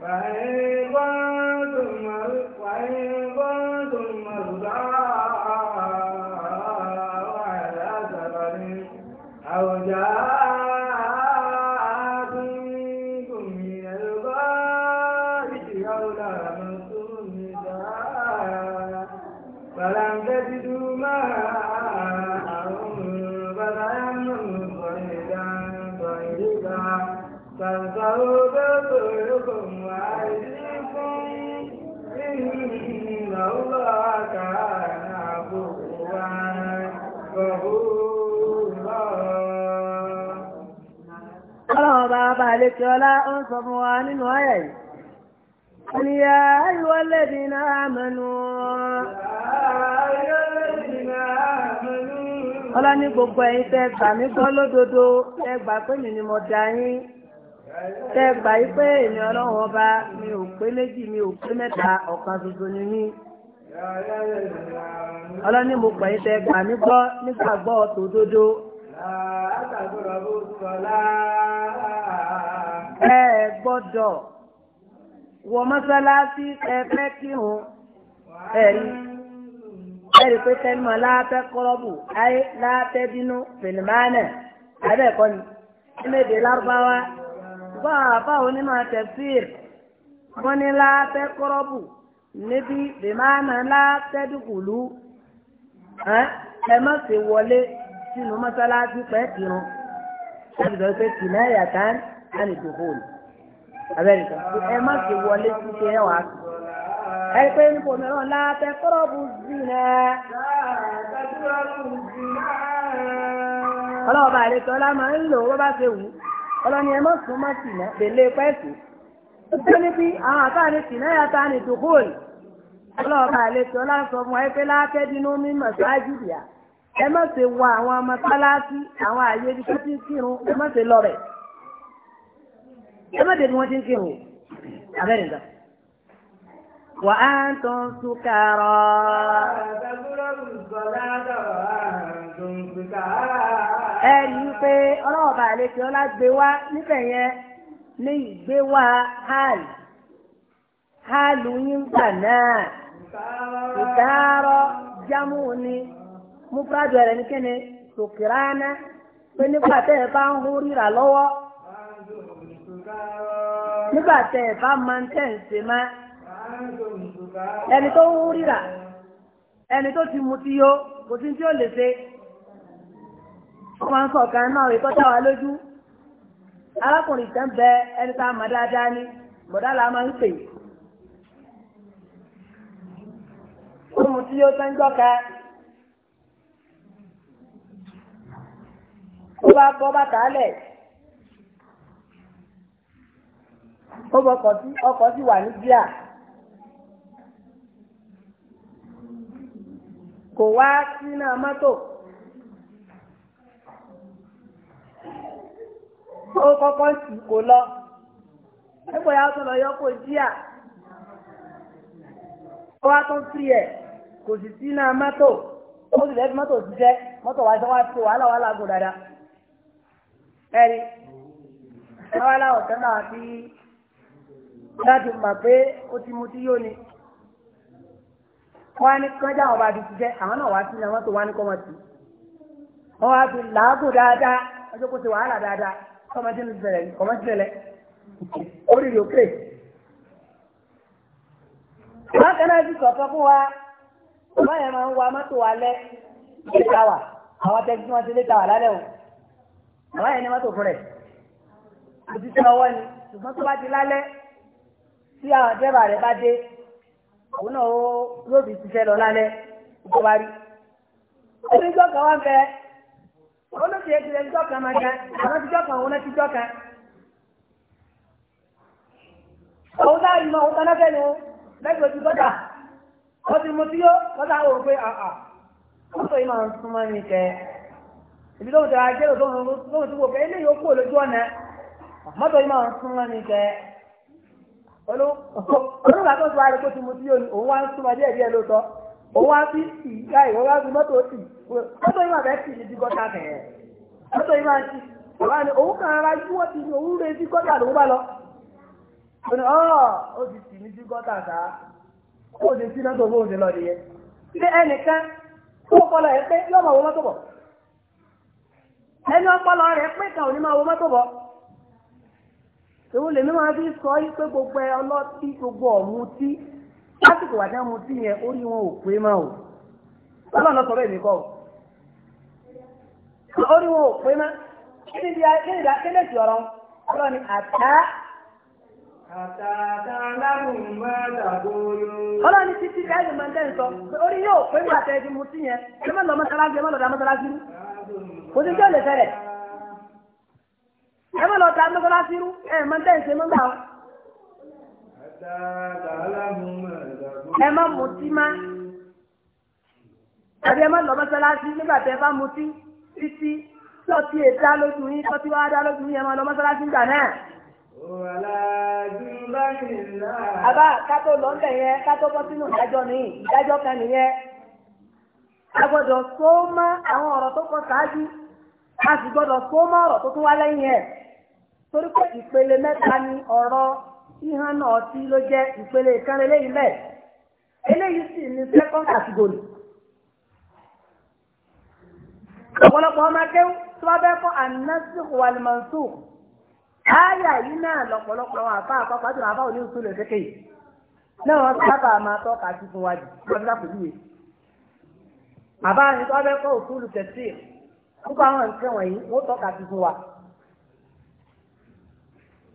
Right. àlékè ọlá ó ń sọ fún wa nínú ayà yìí. Àní ya ayọ̀ lẹ́bi náà mẹ́nu. Ọlá ní gbogbo ẹ̀yin tẹ́ gbà mí gbọ́ lódodo, tẹ́ gbà pé ni mo dá yín. Tẹ́ gbà yí pé èmi ọlọ́run ọba ni mí. Ọlá ní mo pẹ̀yìn tẹ́ gbà mí gbọ́ nígbàgbọ́ tòdodo. Àtàkùrọ̀ ẹ gbọ́dọ̀ wọ mọ́sálásí ẹ fẹ́ kírun ẹ̀rí ẹ̀rí pé tẹ́lẹ̀mọ́ láàpẹ́ kọ́rọ́bù ayé láàpẹ́ bínú fìlìmánà abẹ́ẹ̀kọ́ ni ẹlẹ́dè lárúbáwá bá bá onímọ̀ tẹ̀síìr wọ́n ní láàpẹ́ kọ́rọ́bù níbi bìmánà láàpẹ́ dùkùlù ẹ má ṣe wọlé sínú mọ́sálásí pẹ́ kírun ẹ bìbẹ́ pé kìnnà yàtá ẹni tó hóòlù abẹ́rẹ́ kan ẹ má ti wọlé títí ẹ wàá sùn ẹ pé nípò mìíràn látẹ kọ́rọ́bù zina. ọlọ́wọ́ bá àlejò ọlá máa ń lò ó bá ṣe wù ú ọlọ́ni ẹ má sùn má sì ná bèlè pẹ́ẹ́sì. ó ní bí àwọn àfáàní sì náà yàtọ̀ àni tó hóòlù. ọlọ́wọ́ bá àlejò ọlá sọ fún ẹ pé látẹ́ dínú mímọ̀ sáájú bìà ẹ má ṣe wọ àwọn mọ́sálásí àwọn ẹ dị débi wọ́n ti ń fi hàn abẹ́rẹ́ nǹkan. wà á ń pé ọlọ́wọ́ bá ọlá gbé wá níbẹ̀ yẹn ní ìgbé wá hàlù yín gbà náà jámù nígbà tẹ ẹ bá máa ń tẹ̀ ń ṣe má ẹni tó ń ríra ẹni tó ti mutí yó kò sí tí ó lè ṣe wọ́n máa ń sọ ọ̀kan náà ìkọ́ tá wa lójú arákùnrin tẹ́ ń bẹ ẹni tá a mọ̀ dáadáa ní bọ̀dá la máa ń pè ó mutí yó tẹ́ ń ó bá bọ́ bàtà lẹ̀ ó bọ ọkọ̀ sí wà ní gíà kò wá sínú mọ́tò ó kọ́kọ́ sì kò lọ nígbà ya tó lọ yọ kó gíà ó wá tó sí ẹ̀ kò sì sínú mọ́tò ó sì lẹ́bi mọ́tò ṣiṣẹ́ mọ́tò wáṣọ wá sí wàhálà wàhálà gò dáadáa ẹ̀rí wàhálà ọ̀tẹ́ náà láti gbà pé ó ti mutí yóò ni wọ́n á ní kọjá ọba àti ṣiṣẹ́ àwọn náà wá sí ní àwọn tó wá ní kọ́mọ tì wọ́n wá fi làágùn dáadáa ọjọ́ kó ṣe wàhálà dáadáa kọ́mọ tí ń ṣẹlẹ̀ kọ́mọ tí ń ṣẹlẹ̀ orí yòókè. bákan náà ti fún wa báyẹn máa ń wa mọ́tò wa lẹ́ létà wà àwọn tẹ́kí tí wọ́n ti létà wà lálẹ́ o báyẹn ní mọ́tò fún rẹ̀ òtítọ́ ọwọ́ ni ṣùgbọ́n tó bá ti lálẹ́ tí àwọn dẹ́bà rẹ̀ bá dé òun náà yóò fi ṣiṣẹ́ lọ lálẹ́ kó bá rí. oníjọ́ kan wá olóṣèlú ẹgbẹ́ ìjọ máa gan àwọn tíjọ́ òun náà tíjọ́ òun náà yìí mọ òun kaná fẹ́nu lẹ́gbẹ̀ẹ́ ti gbọ́dà wọ́n ti mú sí yó ó pé àà wọ́n tó yìí máa ń súnmọ́ ní kẹ́ ibi tó ń òun tó ń wò pé kú òlójú ọ̀nà mọ́tò yìí máa ń súnmọ́ ní onu tó tó arẹ kó ti mu sí òní òun wá ń súnmọ́ díẹ̀ díẹ̀ ló òun wá sí wá fi mọ́tò tì mọ́tò yìí máa fẹ́ ní ti gọ́tà fẹ̀ mọ́tò yìí máa tì òun òun kàn ara yí wọ́n ti ní òun rẹ̀ sí gọ́tà bá lọ. ó ti ní gọ́tà sá sí èwo lèmi máa fi sọ yí gbogbo ẹ ọlọ́tí gbogbo ọ̀mùtí lásìkò wà ní ọ̀mùtí yẹn orí wọn ò pé máa o ọlọ́run bẹ́ẹ̀ mi kọ́ o orí wọn ò pé máa kí ni ìdá kéde sí ọ̀rọ̀ ọlọ́run ni àtá. Àtàtà aláwùn máa dàgbòrò. Ọlọ́run ní títí káyọ̀ máa ń sọ yóò pé máa tẹ́ mu yẹn. Ẹ má mọ́sálásí, ẹ má dá mọ́sálásí. Kò sí ẹ má lọ ta mọ́sálásí rú ẹ má tẹ̀ ṣe mọ́gbà o. ẹ má mutí má tàbí ẹ má lọ mọ́sálásí nígbà tẹ bá mutí títí tọ́tí èdá lójú yín tọ́tí wá dá lójú yín ẹ má lọ mọ́sálásí gbà náà. Àbá kátó lọ ń bẹ̀ yẹn kátó bọ́ sínú ìdájọ́ ní ìdájọ́ kan nìyẹn. A gbọ́dọ̀ só mọ́ àwọn ọ̀rọ̀ tó kọ ṣáájú. A sì gbọ́dọ̀ só mọ́ ọ̀rọ̀ tó tún wá lẹ́yìn ẹ̀. torí pé ìpele mẹ́ta ni ọ̀rọ̀ ìhàn náà ló jẹ́ ìpele ìkan eléyìí bẹ́ẹ̀ eléyìí sì ni second category. ọ̀pọ̀lọpọ̀ ọmọ akéwù tí wọ́n fẹ́ fún anásìkò alimọ̀nsù ááyà yìí náà lọ̀pọ̀lọpọ̀ àwọn àfa àpapọ̀ àti àwọn àfa òní ìṣúlẹ̀ kékeré náà wọ́n sábà máa tọ́ka sí fún wájú wọ́n fi dápò yíwe púpọ̀ àwọn nǹkan wọ̀nyí wọ́n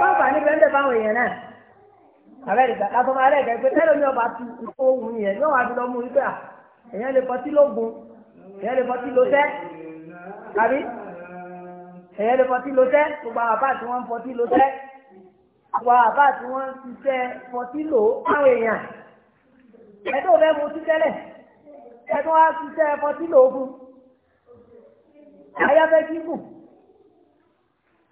bábà ní bẹ́ẹ̀ bẹ́ẹ̀ báwọn èèyàn náà àbẹ́rẹ́ ìgbà látọ́ máa rẹ̀ gẹ́gẹ́ tẹ́lẹ̀ mi ọba ti ohun yẹn ní wàá fi lọ mú ibà èèyàn lè fọtí lógun èèyàn lè fọtí lóṣẹ́ àbí èèyàn lè fọtí lóṣẹ́ gbogbo àwọn àbá tí wọ́n ń fọtí lóṣẹ́ gbogbo àwọn àbá tí wọ́n ń ṣiṣẹ́ fọtí lò fáwọn èèyàn ẹ̀dọ́ fẹ́ mu sí tẹ́lẹ̀ ẹ̀dọ́ wá ṣiṣẹ́ fọtí lò fún ayáfẹ́ kíkù.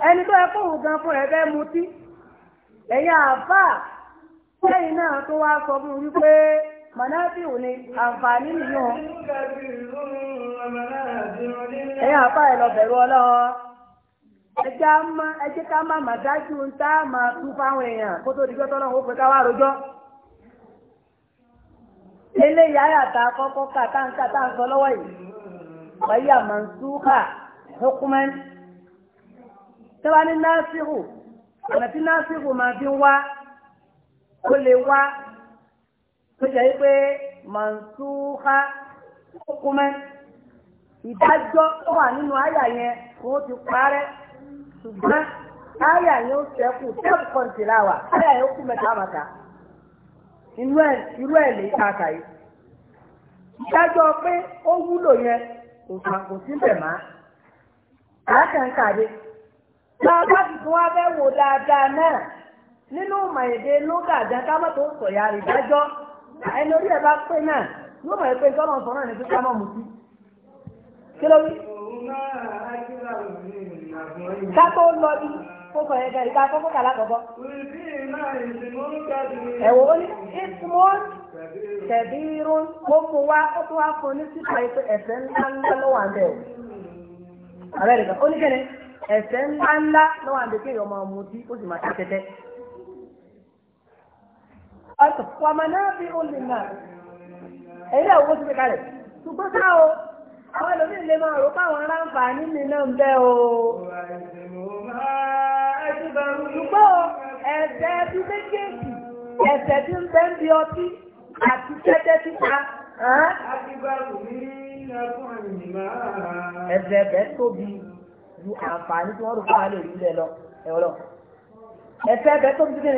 ẹni tó yẹ kóhùn gan fún ẹ̀fẹ́ mutí ẹ̀yin àáfàá lẹ́yìn náà tó wá sọ fún wípé mọ̀nàfíù ni àǹfààní nìyàn ẹ̀yin àáfàá ẹ̀ lọ bẹ̀rù ọlọ́ọ̀ ẹjẹ́ má ẹjẹ́ ká má má dájú ń tá máa tú fáwọn èèyàn kó tó dìgbọ́ tọ́lọ́ òun pé ká wá rojọ́ eléyìí ayàtà kọ́kọ́ kà táǹkà táǹkà lọ́wọ́ yìí wáyé àmọ̀ ń tó ní násìrù ọ̀nà tí násìrù máa fi ń wá ó lè wá tó jẹ́ pé mọ̀nsúkà kúmẹ́ ìdájọ́ tó wà nínú àyà yẹn wọ́n ti parẹ́ ṣùgbọ́n àyà yẹn ó ṣẹ́kù tẹ́pù kọ́ńtìlá wà àyà yẹn ó kú mẹ́ta màkà irú ẹ̀ lè ta àkàyè ìdájọ́ pé ó wúlò yẹn kò sí bẹ̀ máa àákàǹkàdé. na tí wọ́n fẹ́ wò dáadáa náà nínú ìmọ̀ èdè lóga àjẹká mọ́tò sọ̀yà ẹni orí ẹ̀ bá pé náà pé sọ náà ní pípa mọ̀ mú sí. kí ló ká tó lọ bí kókò kókò kàlá kọ̀kọ́. ẹ̀wọ̀ ó ní ismol wa ó tún wá fún ní sípò ẹ̀fẹ̀ ńlá ńlá lọ́wọ́ ẹ̀ṣẹ̀ ńlá ńlá lọ́wọ́ àti kéèyàn máa mu tí ó sì máa tẹ́tẹ́tẹ́. ọ̀sán wàmà náà fi ó lè èyí náà owó ti fi kalẹ̀ ṣùgbọ́n ká o àwọn ẹlòmíì lè máa rò káwọn aráǹfààní mi náà ń bẹ́ o. ṣùgbọ́n ẹ̀ṣẹ̀ ti méjèèjì ẹ̀ṣẹ̀ ti ń bẹ́ ń bi ọtí àti tẹ́tẹ́ títa. ẹ̀ṣẹ̀ bẹ́ẹ̀ tóbi ju àǹfààní tí wọ́n rò fún àlè ìrìlẹ̀ lọ ẹ̀rọ ẹ̀fẹ́ ẹ̀fẹ́ tóbi dídé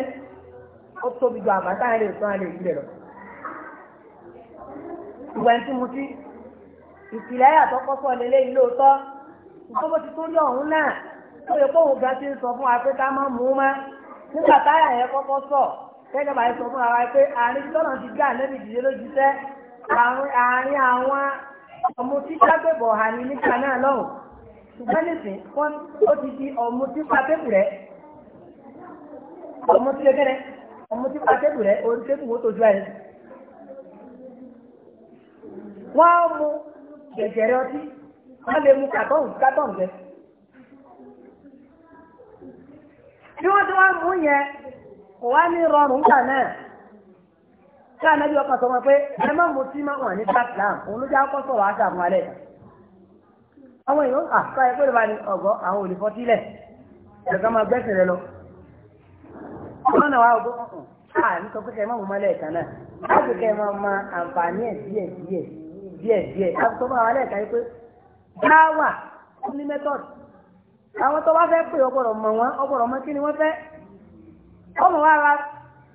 ó tóbi ju àǹfààní táwọn lè fún àlè ìrìlẹ̀ lọ. ìwà ẹ̀ńtí mu sí ìpìlẹ̀ yàtọ̀ kọ́kọ́ lélẹ́yìn lóòótọ́ ṣùgbọ́n bó ti tó rí ọ̀hún náà tó yẹ kóhùn gan ti ń sọ fún wa pé ká má mú má nígbà táyà yẹn kọ́kọ́ sọ kẹ́kẹ́ bá sọ fún wa pé àárín tọ́nà ti gbà lẹ́bi ìdílé lójúṣẹ́ àárín àwọn ọmọ títà gbẹ̀bọ̀ hàn nígbà náà lọ́hùn ṣùgbọ́n nísìn wọ́n ó ti di ọ̀mù tí pa tébù rẹ̀ ọ̀mù tí lẹ́gẹ́rẹ́ ọ̀mù tí pa tébù rẹ̀ orí tébù wo tójú ẹ̀. wọ́n á mu jẹ̀jẹ̀rẹ̀ ọtí wọ́n lè mu kàtọ́ọ̀n kàtọ́ọ̀n jẹ. bí wọ́n ti wá mú yẹn kò wá ní rọrùn gbà náà káà náà bí ọkàn sọ wọn pé ẹ má mutí má wà ní sáà òun ló jẹ́ akọ́sọ̀rọ̀ àṣà àwọn alẹ́ yìí. àwọn èèyàn àṣà ẹgbẹ́ ìbá ni ọ̀gọ́ àwọn olùfọ́sílẹ̀ ẹ̀ka máa lọ. ní ẹ̀ka ma àwọn ní wa ra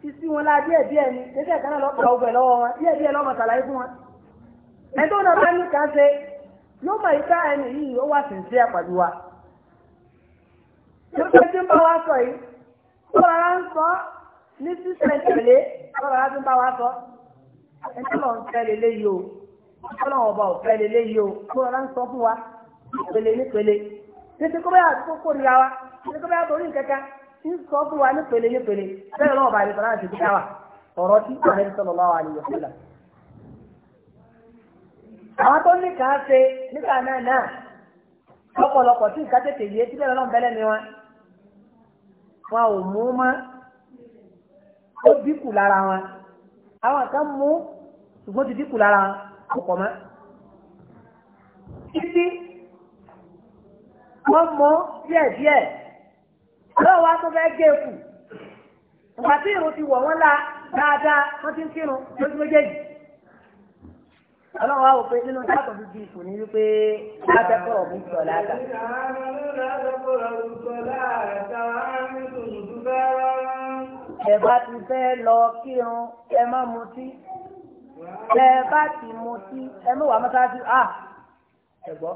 isi wọn díẹ̀ díẹ̀ ni lọ́pàá ọgbẹ̀ lọ́wọ́ wọn díẹ̀ yóò mọ̀ yí ká ẹni yìí ó wà sínsí ẹ̀ pẹ̀lú wa. tó pé tí ń bá wa sọ yìí tó rárá ń sọ ní sísè tẹ̀lé tó rárá tó ń bá wa sọ ẹni tó lọ ń fẹ́ lélẹ́yìí o tó lọ ọba ò fẹ́ lélẹ́yìí o tó rárá ń sọ fún wa nípele nípele títí kó bá tó kó nira wa títí kó bá tó rí nǹkankan ń sọ fún wa nípele nípele bẹ́ẹ̀ lọ́wọ́ bá a lè sọ láti ṣe kíkà ọ̀rọ̀ tí àlẹ́ sọ̀rọ̀ lọ́wọ́ àwọn tó ní kàn án ṣe nígbà náà náà lọ́pọ̀lọpọ̀ tí nǹkan tètè yé tí bẹ́ẹ̀ lọ́nà bẹ́lẹ̀ ni wọn wọn ò mú mọ́ ó dínkù lára wọn àwọn kan mú ṣùgbọ́n ti dínkù lára wọn kò pọ̀ mọ́ títí wọ́n mọ́ díẹ̀díẹ̀ lọ́wọ́ wa tó fẹ́ gé kù ìgbà tí ìrùn ti wọ̀ wọ́n la dáadáa wọ́n ti ń kírun lójú méjèèjì ọlọ́run wa wò pé nínú sáàtọ̀ fi di ìfò ní wípé látẹ́kọ̀ọ́ mi sọ láàtà. ẹ bá ti fẹ́ lọ kírun ẹ má mutí ẹ bá ti mutí ẹ mú wà mọ́sáájú à ẹ gbọ́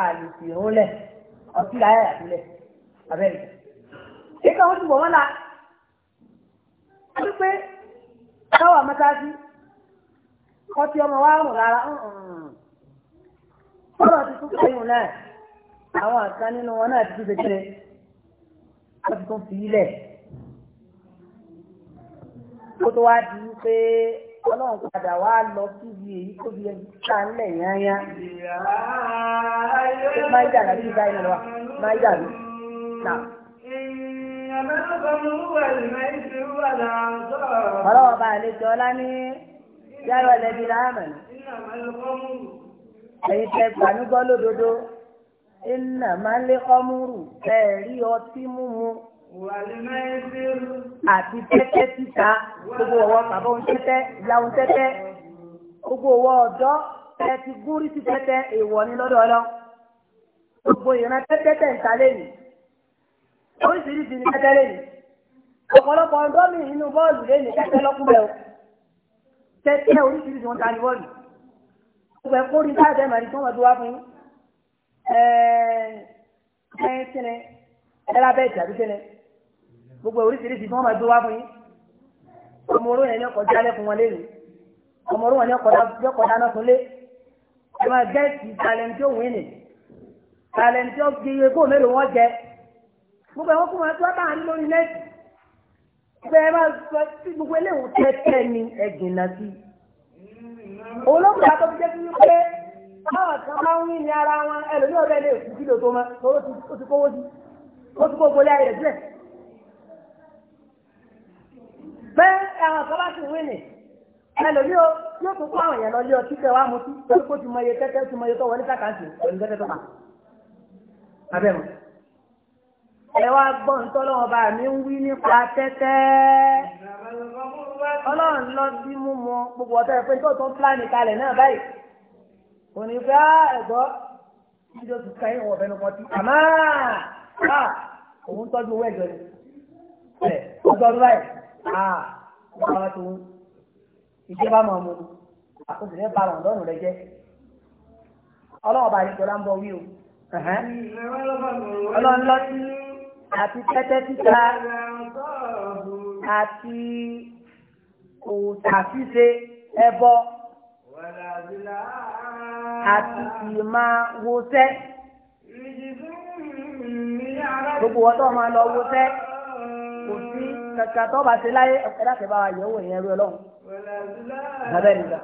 àlè sì ń lẹ̀ ọtí láyà àtúlẹ̀ abẹ́rẹ́. èyí kan ti wọ̀ wọ́n la wípé káwà mọ́sáájú. ọtí ọmọ wa rùn rárá ọ̀rọ̀ ti tún kẹ́yìn náà àwọn àgbà nínú wọn náà ti tún kékeré ti tún fi ilẹ̀ kó tó wá di wípé ọlọ́run padà wá lọ síbi èyí tó bí ẹni ká ń lẹ̀ yányá máa ń dàgbà bíi báyìí máa ń dàgbà náà. bá ní. yára ẹlẹ́bí láàmà ní. ẹ̀yin tẹ gbanúgbọ́ lódodo iná máa ń lé kọ́múrù ẹ̀ rí ọtí múmu. àti tẹ́tẹ́ títa gbogbo ọwọ́ bàbá òun tẹ́tẹ́ ìyá òun tẹ́tẹ́ gbogbo ọwọ́ ọ̀dọ́ ẹ ti ti tẹ́tẹ́ èèwọ̀ ni lọ́dọ̀ ọlọ́ gbogbo ìran tẹ́tẹ́ tẹ̀ ń ta lẹ́yìn oríṣiríṣi ni tẹ́tẹ́ lẹ́yìn ọ̀pọ̀lọpọ̀ ọ̀dọ́ mi nínú bọ́ọ̀lù lẹ́yìn tẹ́tẹ́ lọ́kùnrin o tẹ́tẹ́ oríṣiríṣi wọn ta ni wọ́ọ̀lù ọgbẹ́ kó rí táyà tẹ́lẹ̀ mẹ́rin tí wọ́n mọ̀ tó wá fún ẹ̀ẹ́n sínú ẹ̀rá bẹ́ẹ̀ tàbí sínú gbogbo oríṣiríṣi tí wọ́n mọ̀ tó wá fún yín ọmọ oró yẹn ní ọkọ̀ jálẹ̀ fún wọn léèrè ọmọ oró wọn ní ọkọ̀ dáná fún lé ẹ máa gẹ́ẹ̀sì talẹ̀ntì òun ni talẹ̀ntì ọ̀gbìn iye kó mélòó wọn jẹ gbogbo ẹ̀wọ̀n kó máa tó bẹ́ẹ̀ máa sọ sí gbogbo eléwò tẹ́tẹ́ ni ẹ̀gìn náà sí. òun ló kọ́ àtọ́ fi jẹ́ sí pé báwọn kan máa ń wí ní ara wọn ẹlòmíràn ọ̀rẹ́ lè kú kílò tó máa tó ó ti kówó sí ó ti kó gbolé ayẹ̀ sílẹ̀. bẹ́ẹ̀ àwọn kan bá ti wí nì ẹlòmíràn yóò tún kó àwọn èèyàn lọ lé ọtí tẹ wá mutí torí kó ti mọ iye tẹ́tẹ́ ti mọ iye tó wọlé sàkáǹtì pẹ̀lú tẹ́tẹ́ tó máa ẹ wá gbọ́ ntọ́lọ́wọ́n bá mi ń wí nípa tẹ́tẹ́ ọlọ́run lọ sí mímu gbogbo ọ̀tọ́ pé tó tún pílánì kalẹ̀ náà báyìí kò ní fẹ́ ah, ẹ̀gbọ́ níjọ́ ti kàn yín wọ̀ nìkan ti àmọ́ ah, òun tọ́jú owó ẹ̀jọ̀ ni ẹ̀ ọjọ́ ọdún báyìí à ọba tó ń ìjọba máa mú àkóso ní bàrà ọ̀dọ́rùn rẹ jẹ́ ọlọ́run bá yẹ kí ń bọ wí o ọlọ́run lọ sí àti tẹ́tẹ́ títa àti òtàfíṣe ẹbọ àti ìmáwòsẹ́ gbogbo ọ̀tọ̀ máa lọ wòsẹ́ kò sí kankan tó bá ṣe láyé ẹ̀dá tẹ̀ bá wa yẹ̀wò ẹ̀yẹ́ ru ọlọ́run lábẹ́ nìkan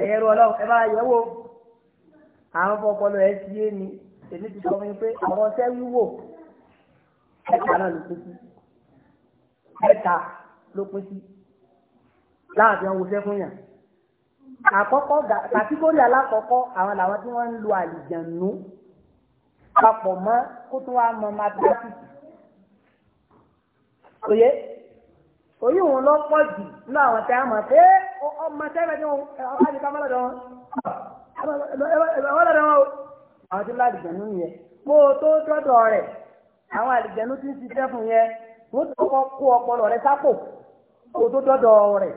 ẹ̀yẹ́ ru ọlọ́run ẹ̀ bá wa yẹ̀wò àwọn fọpọlọ ẹ̀ sí é ni èmi ti sọ fún yín pé àwọn ọṣẹ́ wíwò mẹ́ta náà ló pín sí mẹ́ta ló pín sí láàbí wọn wọṣẹ́ fún yàn àkọ́kọ́ kàtígórì alákọ̀ọ́kọ́ àwọn làwọn tí wọ́n ń lo àlìjànú papọ̀ mọ́ kó tún wá mọ mathematics òye òye òun lọ pọ̀ jù nínú àwọn tẹ́ àmọ̀ pé ọmọ sẹ́fẹ̀ tí wọ́n ọba ní kámọ́ lọ́dọ̀ wọn ẹ̀wọ́n lọ́dọ̀ wọn o àwọn tí wọ́n lọ àlìjànú yẹn kó o tó tọ́dọ̀ rẹ̀ àwọn àlìjẹnu ti ń ṣiṣẹ́ fún yẹn wọ́n ti kọ́kọ́ kó ọpọlọ rẹ sápò kó tó dọ́dọ̀ rẹ̀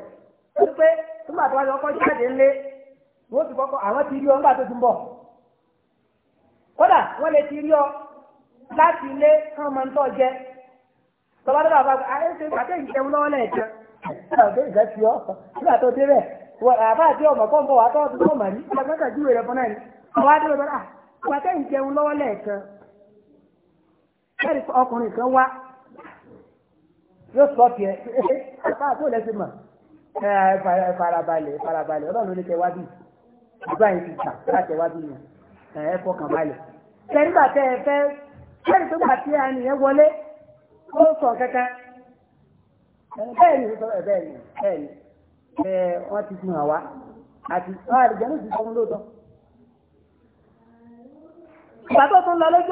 wọ́n pé nígbà tó wá lọ jáde ńlé wọ́n ti kọ́kọ́ àwọn ti rí ọ nígbà tó ti ń bọ̀ kódà wọ́n lè ti rí ọ láti ilé kán máa ń tọ́ jẹ tọ́ba tó bàbá ayé ṣe pàtẹ́ ìjẹun lọ́wọ́ lẹ́ẹ̀kan ọ̀dọ́ ìgbà tí ọ nígbà tó dé bẹ̀ àbá àti ọmọ kọ́ ń bọ̀ wá tọ́ ọdún ẹ̀rí ọkùnrin kan wá yóò sọ tiẹ̀ káà tó lẹ́sìn mọ̀ ẹ farabalẹ̀ farabalẹ̀ ọlọ́run ní kẹwàá bí ìgbà yìí ti tà láti ẹwà bí yẹn ẹ fọkàn balẹ̀. kẹ́rígbà tẹ́ ẹ fẹ́ kẹ́rì tó gbà tí ẹni yẹn wọlé ó sọ kẹ́kẹ́ bẹ́ẹ̀ ni sọ ẹ bẹ́ẹ̀ ni bẹ́ẹ̀ ni ẹ wọ́n ti fún àwa àti ah, àrìjẹ́ ló ti sọ fún lóòótọ́. ìgbà tó tún lọ lójú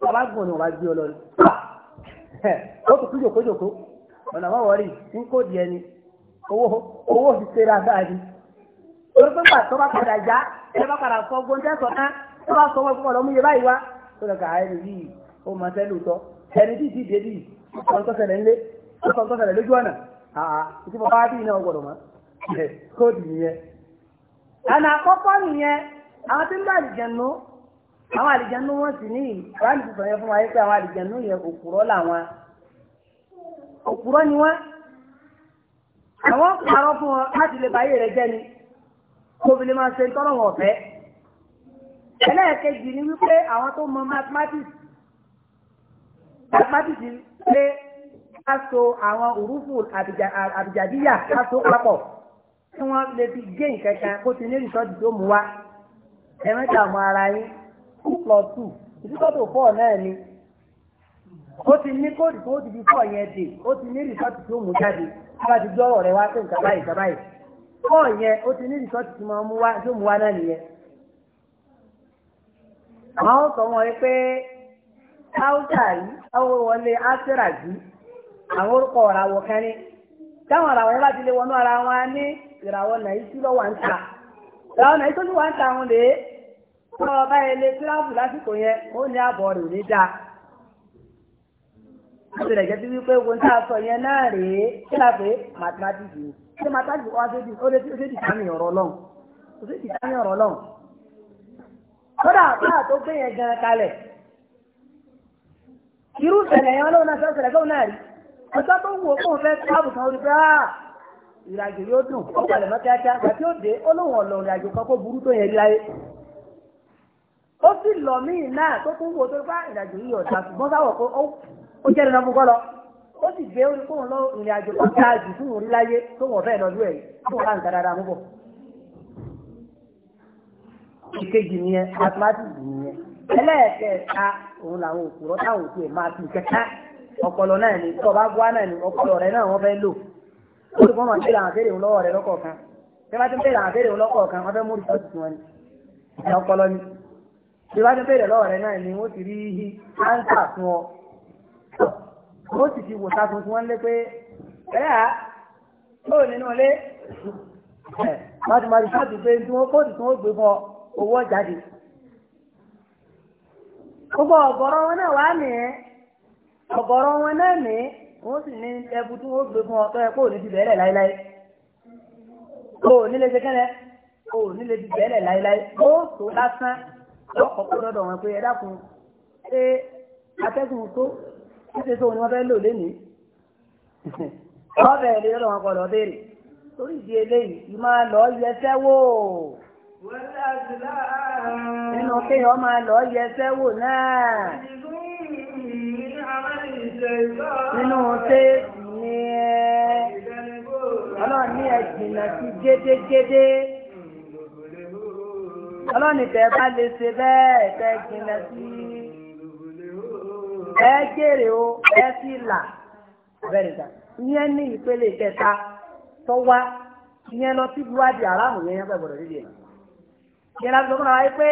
bàbá gùn ni wọ́n bá gbé ọ lọ rí ó tún tún jòkó jòkó ọ̀nà àwọn wọ̀rí ń kó di ẹni owó fi ṣe dáadáa ni torí pé pàtó bá padà já ẹ bá padà sọ gbóńjẹ́ sọ tán ẹ bá sọ wọn fún ọlọ́mú yẹ báyìí wá tó lọ kà á ẹni yìí ó máa fẹ́ lóòótọ́ ẹni tí ìdí ìdí yìí ó sọ sẹlẹ̀ ńlé ó sọ sẹlẹ̀ lójú ọ̀nà àà ìdí bàbá bí iná ọgbọ̀dọ̀ mọ́ kóòdù nìyẹn. àná àkọ́kọ́ nìyẹn àwọn tí ń bá ìjẹun àwọn àlìjẹnú wọn sì ní ìwádìí ti sọ̀rọ̀ fún wa pé àwọn àlìjẹnú yẹn òkúrọ́ làwọn òkúrọ́ ni wọ́n àwọn parọ́ fún wọn láti lè báyé rẹ jẹ́ ni kó fi lè máa ṣe tọ́rọ̀ wọn ọ̀fẹ́ ẹlẹ́ẹ̀kejì ni wípé àwọn tó mọ mathematics mathematics pé ká so àwọn òrùfù àbìjàdíyà ká so papọ̀ tí wọ́n lè fi gé nǹkan kan kó ti ní ìtọ́jú tó mú wa ẹ̀mẹ́ta ọmọ ara yín two plus two ìdíkọ́tò náà ni ó ti ní kóòdù tó ti fi four yẹn dè ó ti ní rìsọ́ọ̀tì tó mú jáde bá ti gbọ́ ọ̀rọ̀ wá pé nǹkan báyìí nǹkan báyìí yẹn ó ti ní rìsọ́ọ̀tì tó mú wá tó mú wá náà nìyẹn. àwọn sọ wọn pé káwùtà yìí káwọ wọlé àwọn orúkọ ara wọn ní tọ́ ọba ilé tíráàbù lásìkò yẹn ó ní àbọ̀ rẹ̀ ò ní dáa ti rẹ̀ jẹ́ bí wípé ogun tá a sọ yẹn náà rèé kí la ma mathematics ni ṣé mathematics wá sí ó lé ọ̀rọ̀ ọ̀rọ̀ kódà tó gbé yẹn gan kalẹ̀ irú ìṣẹ̀lẹ̀ yẹn náà ọjọ́ ó ah, ìrìnàjò yóò dùn ó pàlẹ̀ mọ́ kíákíá gbàtí ó ó lóun ọ̀lọ́ ìrìnàjò kan kó burú tó ó sì lọ míì náà tó tún wo tó bá ìrìnàjò yìí ọ̀dà ṣùgbọ́n sáwọ̀ pé ó jẹ́ nínú ọmọkọ́ lọ ó sì gbé orí kóun lọ ìrìnàjò kan tá jù fún láyé tó fẹ́ lọ́dún ẹ̀ fún nǹkan dáadáa ìkejì nìyẹn mathematics tí wọ́n bẹ̀rẹ̀ lọ́wọ́ rẹ náà ni wọ́n ti rí áńsà fún ọ wọ́n sì ti wò sáfún tí wọ́n lé pé ẹ̀yà ó nínú ilé màtìmátì sáàtì pé tí wọ́n kóòtù tí wọ́n gbé fún ọ owó jáde gbogbo ọ̀gọ̀rọ̀ wọn náà wà ní ọ̀gọ̀rọ̀ wọn náà ní wọ́n sì ní ẹbu tí wọ́n gbé fún ọ tó yẹ kó ní ti bẹ̀rẹ̀ láéláé kó nílé ṣe kẹ́lẹ́ kó nílé ti bẹ̀rẹ̀ láéláé ó tó lásán. lọ́kọ̀ọ́kọ́ lọ́dọ̀ wọn pé ẹ dákun ṣé tó ṣíṣe tó ni wọ́n fẹ́ lò lénìí wọ́n bẹ̀rẹ̀ lé lọ́dọ̀ wọn kọ́ torí ìdí eléyìí lọ yẹsẹ́ wò nínú máa lọ yẹsẹ́ wò náà nínú ẹ ẹ̀jìnà gédégédé. ọlọ́ni tẹ́ lè ṣe bẹ́ẹ̀ tẹ́ jìnà sí ẹ jèrè o ẹ sì là bẹ́ẹ̀ dà ìyẹn ní ìpele kẹta tó wá ìyẹn lọ sí buwadi aráàmù yẹn fẹ́ gbọ́dọ̀ dídì ẹ̀ ìyẹn láti sọ́kùnrin pé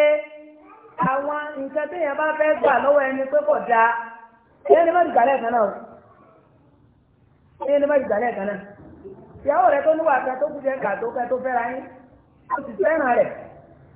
àwọn nǹkan tí èèyàn bá fẹ́ gbà lọ́wọ́ ẹni pé kò ìyẹn kan náà ìyẹn kan náà ìyàwó rẹ tó níwà tó kú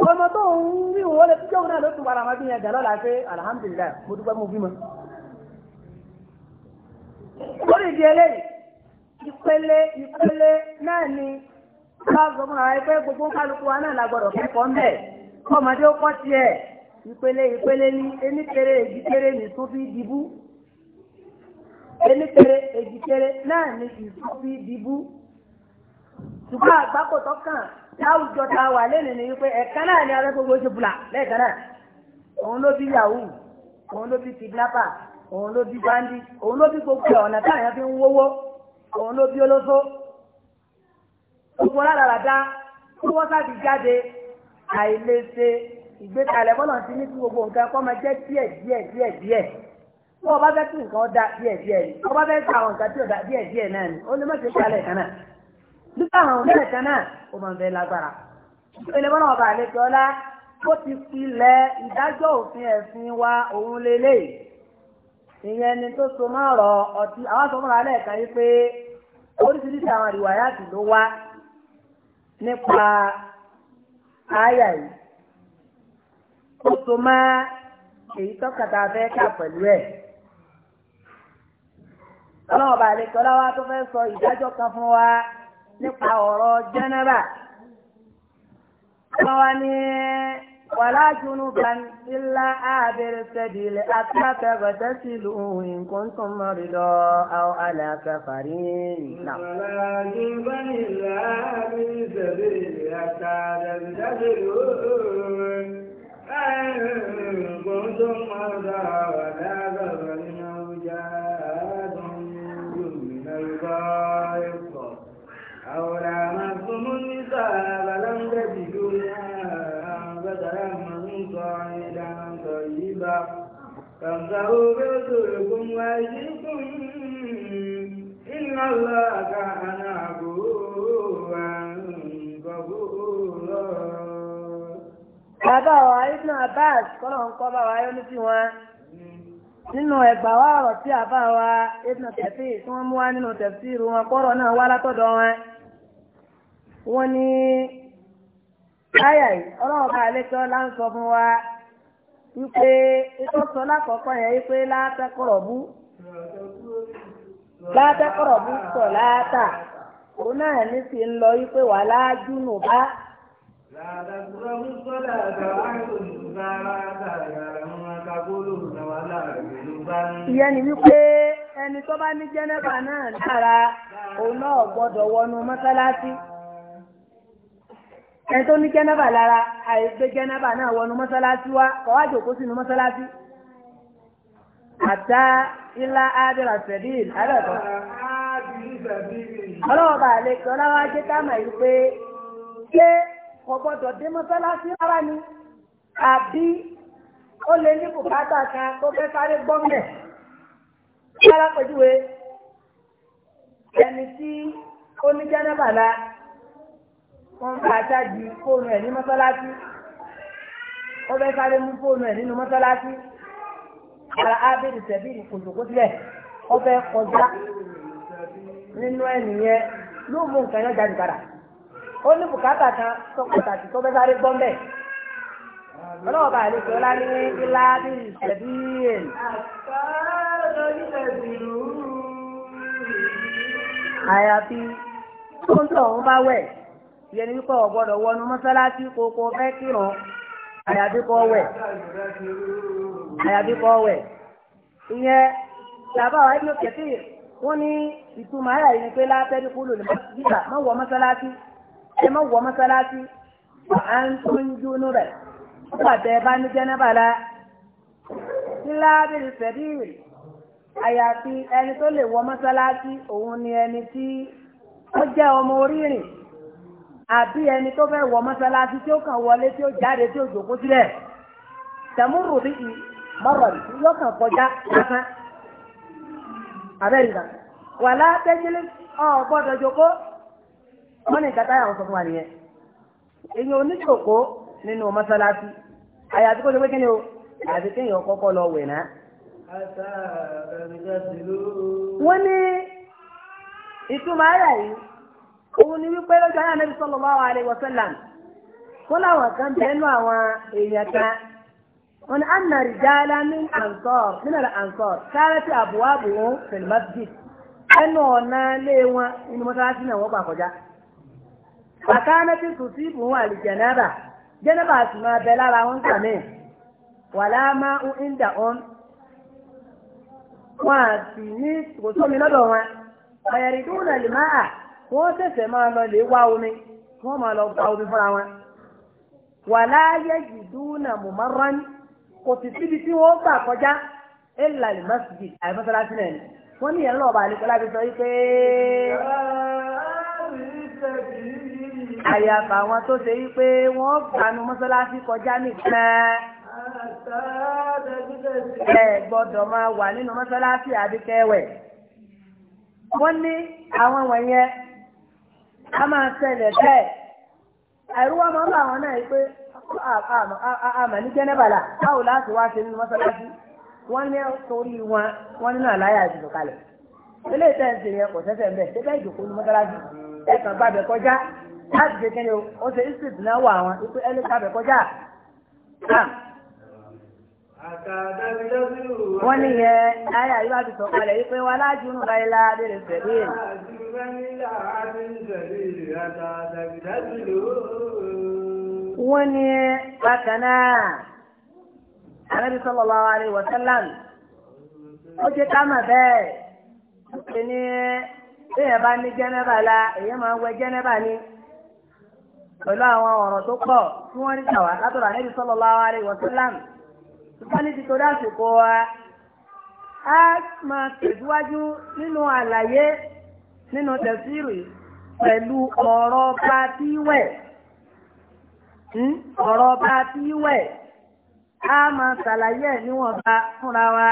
ọmọ tó ń rí òun lè tíjọ́ náà ló tún padà máa bí yẹn dẹ̀ pé alhamdulilayi mo dúpẹ́ mo bímọ. lórí ìdí gbogbo àwọn ẹgbẹ́ gbogbo kálukú wa náà la gbọ́dọ̀ kẹ́kọ̀ọ́ ń bẹ̀ ó kọ́ ìpele ìpele eníkere èjìkere tá ta wà lẹ́nu ni wípé ẹ̀ka náà ni arẹ́gbogbo ṣe bùlà lẹ́ẹ̀kan náà òun ló bí yahoo òun ló bí kidnapper òun ló bí bandi òun ló bí gbogbo ọ̀nà táyà fi ń wówó òun ló bí olóso gbogbo rádaràda tí wọ́n sáàtì jáde àìlèṣe ìgbékalẹ̀ bọ́lọ̀ ti ní kí gbogbo nǹkan kọ́ máa jẹ́ díẹ̀ díẹ̀ díẹ̀ díẹ̀ bí wọ́n bá fẹ́ kí nǹkan da díẹ̀ díẹ̀ ni wọ́n bá fẹ́ nígbà àwọn onílẹ̀kẹ́ náà ó máa ń bẹ lágbára. ìpele mọ́nà ọba àlejò ọlá ó ti ìdájọ́ òfin ẹ̀sìn wa òun lélẹ̀ ìyẹn ni tó so mọ́ ọtí àwọn yìí pé oríṣiríṣi àwọn ló wá nípa àyà yìí ó so èyí tọ́kàtà fẹ́ kà pẹ̀lú ẹ̀ ọlọ́wọ́ sọ ìdájọ́ kan fún wa. nípa ọ̀rọ̀ jẹ́nẹ́rà wọ́n wá ní wàlá junuban illa abẹ́rẹ́ sẹ́dílẹ̀ àtúntàfẹ́ bàtẹ́ sí ìlú nǹkan tó ń mọ̀rí lọ àwọn àlàáfẹ́ fàrí nà. wàlá junuban illa abẹ́rẹ́ sẹ́dílẹ̀ àtúntàfẹ́ sí ìlú nǹkan tó ń mọ̀rí lọ àwọn àlàáfẹ́ fàrí nà. فانظروا برسولكم وأيديكم إن الله كان عفوا غفورا Bàbá wa Ibn Abbas kọ́nà ń kọ́ bàbá yóò ní sí wọn. Nínú ọ̀rọ̀ tí wa tí wọ́n mú wá nínú wọn kọ́rọ̀ náà wá látọ̀dọ̀ wọn. Wọ́n ní ọlọ́run bá fún wa wípé ìtọ́sọ lákọ̀ọ́kọ́ yẹn wípé látẹ́kọ̀rọ̀bù látẹ́kọ̀rọ̀bù sọ láàtà òun sọ láàtà àìsàn ìyẹn ni wípé ẹni tó bá ní jẹ́nẹ́bà náà dára òun náà gbọ́dọ̀ wọnú ẹni tó ní jẹ́nẹ́bà lára àìgbé jẹ́nẹ́bà náà wọnú mọ́sálásí wá kọ́wájú òkú sínú mọ́sálásí. àtà ilá ádìrà sẹ̀bíìl alẹ́kọ̀ọ́. ọlọ́wọ́ bá lè kí ọlọ́wọ́ ajé káàmà yìí pé ṣé kò gbọ́dọ̀ dé mọ́sálásí rárá ni àbí ó lè ní bùkátà kan tó fẹ́ sáré gbọ́ngẹ̀. kí alápèjúwe ẹni tí ó ní jẹ́nẹ́bà lára wọ́n bá ṣáàjì fóònù ẹ̀ ní mọ́sálásí wọ́n fẹ́ sáré mú fóònù ẹ̀ nínú mọ́sálásí ara ábẹ́rẹ́ ìṣẹ̀bí ìkòjòkó sílẹ̀ wọ́n fẹ́ kọjá nínú ẹ̀nì yẹn yóò mú nǹkan yẹn jáde padà ó ní bùkátà kan tó pàtàkì tó fẹ́ sáré gbọ́n bẹ́ẹ̀ ọlọ́ọ̀bà àlejò ọlá ní ilá bí ìṣẹ̀bí àyàfi tó ń tọ̀ ọ́n bá wẹ̀ ìyẹn ni wípé ọ̀gbọ́dọ̀ wọnú mọ́sálásí kókó fẹ́ kírun àyàbí kọ́ wẹ̀ àyàbí kọ́ wẹ̀ ìyẹn làbá wa ibi òkèké wọ́n ní ìtumọ̀ ayà yìí ni pé látẹ́rí kúlò ní mọ́sálásí má wọ mọ́sálásí ẹ má wọ mọ́sálásí à ń tó ń dúnú rẹ̀ nígbà tẹ́ ẹ bá ní jẹ́nẹ́bà la nílá bíi sẹ́bíìrì àyàfi ẹni tó lè wọ mọ́sálásí òun ni ẹni tí ó jẹ́ ọmọ orírìn àbí ẹni tó fẹ́ wọ mọ́sálásí tí ó kàn wọlé tí ó jáde tí ó jòkó sílẹ̀ tẹ̀múrù bí i mọ́rọ̀ yóò kàn kọjá lásán abẹ́rìndà wà látẹ́jìlì ọ̀gbọ́dọ̀ jòkó wọ́n ní ìkàtà àwọn sọ fún wa nìyẹn èyí oníṣòkó nínú mọ́sálásí àyàtí kó ṣe pé kí ni o àti kéèyàn kọ́kọ́ lọ wẹ̀ náà. wọ́n ní ìtumọ̀ ayà yìí òun ni wípé lọ́jọ́ ayé ànábì sallallahu alaihi wasallam kó láwọn kan bẹ́ẹ̀nu àwọn èèyàn kan wọn ni anna rijala min ansar min al ansar kanat abwabuhum fil masjid ẹnu ọ̀nà ilé wọn inú mọ́sálásí náà wọ́n gbà kọjá. àkànnà ti tù sí ìbùn àlìjẹ̀nàbà jẹ́nàbà sì máa bẹ lára wọn sàmì wàlá máa ń ìndà ọ́n wọn àti ní kò lọ́dọ̀ wọn ọ̀yẹ̀rì dúró lè máa wọ́n ṣẹ̀ṣẹ̀ máa lọ lè wá omi wọ́n máa lọ gba omi fúnra wọn. wà láyé ìdúnà mùmárán kò sì síbi tí wọ́n gbà kọjá ẹ̀là lè má sì di àìmọ́sálásí náà ni wọ́n ní ìyẹn lọ́ọ̀bà àlekọ́ láti sọ wípé. àyàfà àwọn tó ṣe wípé wọ́n gbanu mọ́sálásí kọjá nìkan ẹ gbọ́dọ̀ máa wà nínú mọ́sálásí àbíkẹ́wẹ̀ wọ́n ní àwọn wọ̀nyẹn a máa ṣẹlẹ̀ bẹ́ẹ̀ ẹ̀rú wa máa a bá àwọn náà pé àmà ní jẹ́nẹ́bàlà báwo láti wá ṣe mọ́sálásí wọ́n ní torí wọn nínú àláyà ìdìbò kalẹ̀ eléyìí tẹ̀ ń kò sẹ́sẹ̀ ń bẹ̀ débẹ̀ ìjòkó ní mọ́sálásí kọjá láti wọ́n ní yẹn ayé àyíwá ti sọ kalẹ̀ wípé wà láti inú báyìí láàbẹ̀rẹ̀ sẹ̀lẹ̀. wọ́n ní bákan náà Ànábì sallallahu alaihi wa sallam ó jẹ́ ká mà bẹ́ẹ̀ pé ní èèyàn bá ní jẹ́nẹ́bà la èèyàn máa ń wẹ jẹ́nẹ́bà ni pẹ̀lú àwọn ọ̀rọ̀ tó pọ̀ tí wọ́n ní tàwa látọ̀rọ̀ Ànábì sallallahu alaihi wa sallam ṣùgbọ́n níbi tó dásìkò wa a máa tẹ̀síwájú nínú àlàyé nínú tẹ̀síìrì pẹ̀lú ọ̀rọ̀ bá tí wẹ̀ hmm? ọ̀rọ̀ bá tí wẹ̀ a máa ṣàlàyé ẹ̀ níwọ̀nba fúnra wa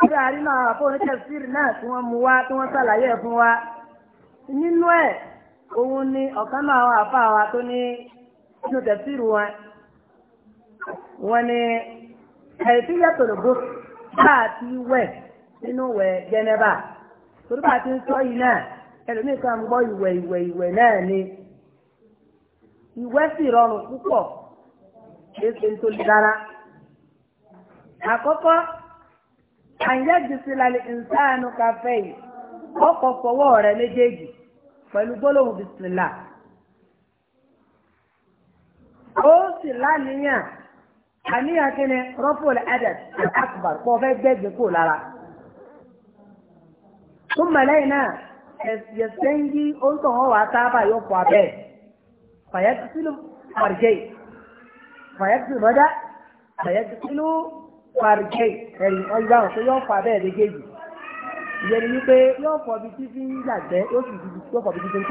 nígbà àrínà àpò onítẹ̀síìrì náà tí wọ́n mú wá tí wọ́n ṣàlàyé fún wa nínú ẹ̀ òun ni ọ̀kan náà àwọn àfa wa tó ní nínú tẹ̀síìrì wọn wọn ni ẹ̀sìn yàtọ̀ lògbó bá a ti wẹ̀ nínú wẹ̀ jẹnẹba torí bá a ti ń sọ yìí náà ẹlòmíì kan gbọ́ ìwẹ̀ ìwẹ̀ ìwẹ̀ náà ni ìwẹ̀ sì rọrùn púpọ̀ kì í ṣe ń tó le rárá. àkọ́kọ́ àyẹ̀jùsílẹ̀ ìsáànù kàfẹ́ yìí ọkọ̀ fọwọ́ rẹ̀ méjèèjì pẹ̀lú gbólóhùn bisimilà ó sì láníyàn. àníyàn akbar fẹ́ gbẹ́gbẹ́ lára. náà sábà yóò abẹ́ fàrjẹ́ mọ́dá fàrjẹ́ ẹ̀rì yóò abẹ́ ìyẹn ni wípé yóò fọ bí títí ń yàgbẹ́ yóò sì yóò bí títí ń